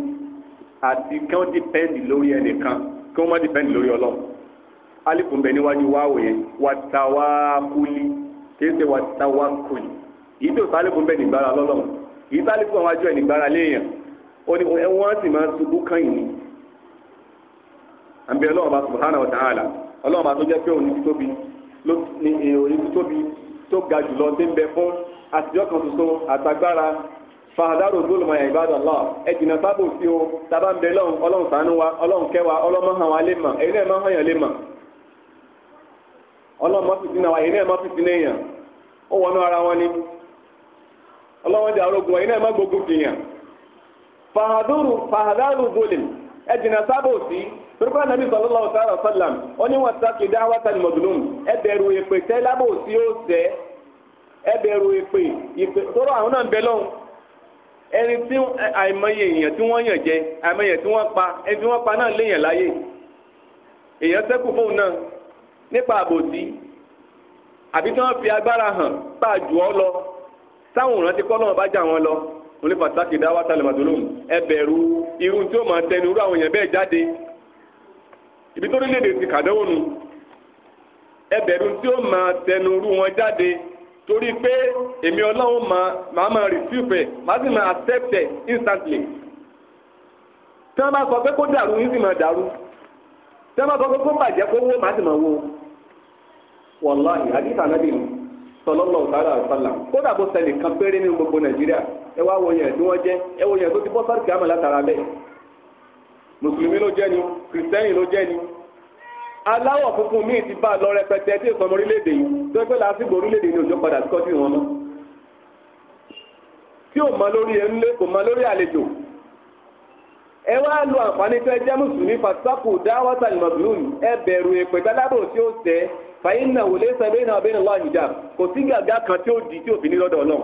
àti kí wọ́n dìpẹ́ndì lórí ẹnìkan kí wọ́n má kìí ṣe wàtàwà kùn yìí tó ìbálòpọ̀ bẹ́ẹ̀ nígbàrà lọ́lọ́run yìí ìbálòpọ̀ àwọn ajọ́ ẹ̀ nígbàrà léèyàn ó ní wọ́n sì máa ṣubú kàyìn ni. àbí ọlọ́run bá subhanahu wa ta'ala ọlọ́run bá tó jẹ́ pé òní tóbi ní eh, òní tóbi tó ga jùlọ tí ń bẹ fún àtijọ́ kan ṣoṣo àtagbára fàdárò gbólùmọ̀ ẹ̀ ìbàdàn lọ ẹ jìnnà sábò sí o tábà ń bẹ lọ́run ọlọ́run ṣàánú wa ọlọ́run kẹ́ wa ọlọ́mọ wa lè mọ̀ ẹ̀yin náà máa hàn lè mọ̀ ọlọ́run mọ́ fìtínà wa yìí náà mọ́ fìtínà èèyàn ó wọnú ara wọn ni ọlọ́run náà gbógun fàhádùrù fàhádùrù nabi sallallahu alaihi wa sallam ọni wọn saki dawata al-mazlum ẹ bẹ̀rù èpè tẹ lábò sí ó sẹ ẹ bẹ̀rù èpè èpè tọrọ àwọn náà ń bẹ lọhùn ẹni tí àìmọye èèyàn tí wọ́n yàn jẹ àìmọye tí wọ́n pa ẹni tí wọ́n pa nípa àbòsí àbí tí wọ́n fi agbára hàn bá lọ ti kọ́ lọ́wọ́ jà wọn lọ òní pàtàkì dáwà sálẹ̀ màdúlùm ẹ irú tí ó máa tẹnu irú àwọn èèyàn bẹ́ẹ̀ jáde ibi tó èdè ti kàdánwò nu ẹ tí ó máa tẹnu irú wọn jáde torí pé èmi ọlọ́run máa máa rìsíùfù máa sì máa instantly tí wọ́n bá sọ pé kó dàrú yín sì dàrú tí wọ́n bá sọ pé kó bàjẹ́ kó wó sì wàláhì àdìsá nàbì sọlọ́lọ́ ọ̀tàrà àṣàlà kódà bó ṣẹlẹ̀ kan péré ní gbogbo nàìjíríà ẹ wá wọ yẹn tí wọ́n jẹ́ ẹ wọ yẹn tó ti bọ́ sáré kìámà látara bẹ́ẹ̀ mùsùlùmí ló jẹ́ ni kìrìsìtẹ́nì ló jẹ́ ni aláwọ̀ funfun míì ti bá lọ rẹpẹtẹ tí ìsọmọ orílẹ̀-èdè yìí tó orílẹ̀-èdè òjò padà sí wọn tí ò mọ lórí kò mọ lórí àlejò ẹ wá àǹfààní tó ẹ jẹ́ mùsùlùmí ẹ bẹ̀rù tí ó fàyín náà wò lé sẹ́bẹ̀ náà bẹ́ẹ̀ lọ́wọ́ hijab kò sí gàgá kan tí ó di tí òfin ní lọ́dọ̀ ọlọ́run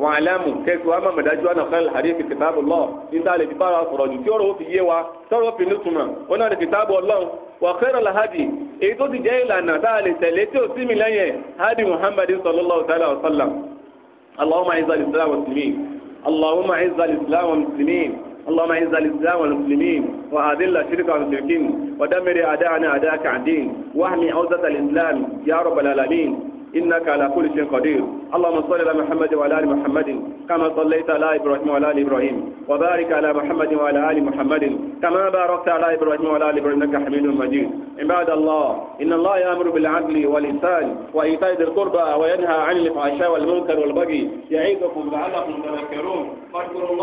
wọn àlámù kẹsì wa máa mọ̀dájú wa nàfẹ́ àdéhùn kìtàbù lọ́ọ̀ níta lè fi bára sọ̀rọ̀ jù tí ọ̀rọ̀ ó fi yé wa tọ́rọ̀ ó fi ní túmọ̀ ó náà lè kìtàbù ọlọ́run wà kẹ́rọ̀ làhádì èyí tó ti jẹ́ ìlànà tá a lè tẹ̀lé tí ó sì mí lẹ́yìn hádì muhammadin sallallahu ta'ala wa sallam allahumma aizal islam wa muslimin allahumma aizal islam wa muslimin اللهم اعز الاسلام والمسلمين واذل الشرك والمشركين ودمر اعداءنا اعداءك عن دين واحمي اوزة الاسلام يا رب العالمين إنك على كل شيء قدير اللهم صل على محمد وعلى آل محمد كما صليت على إبراهيم وعلى آل إبراهيم وبارك على محمد وعلى آل محمد كما باركت على إبراهيم وعلى آل إبراهيم إنك حميد مجيد عباد الله إن الله يأمر بالعدل والإحسان وإيتاء ذي القربى وينهى عن الفحشاء والمنكر والبغي يعظكم لعلكم تذكرون فاذكروا الله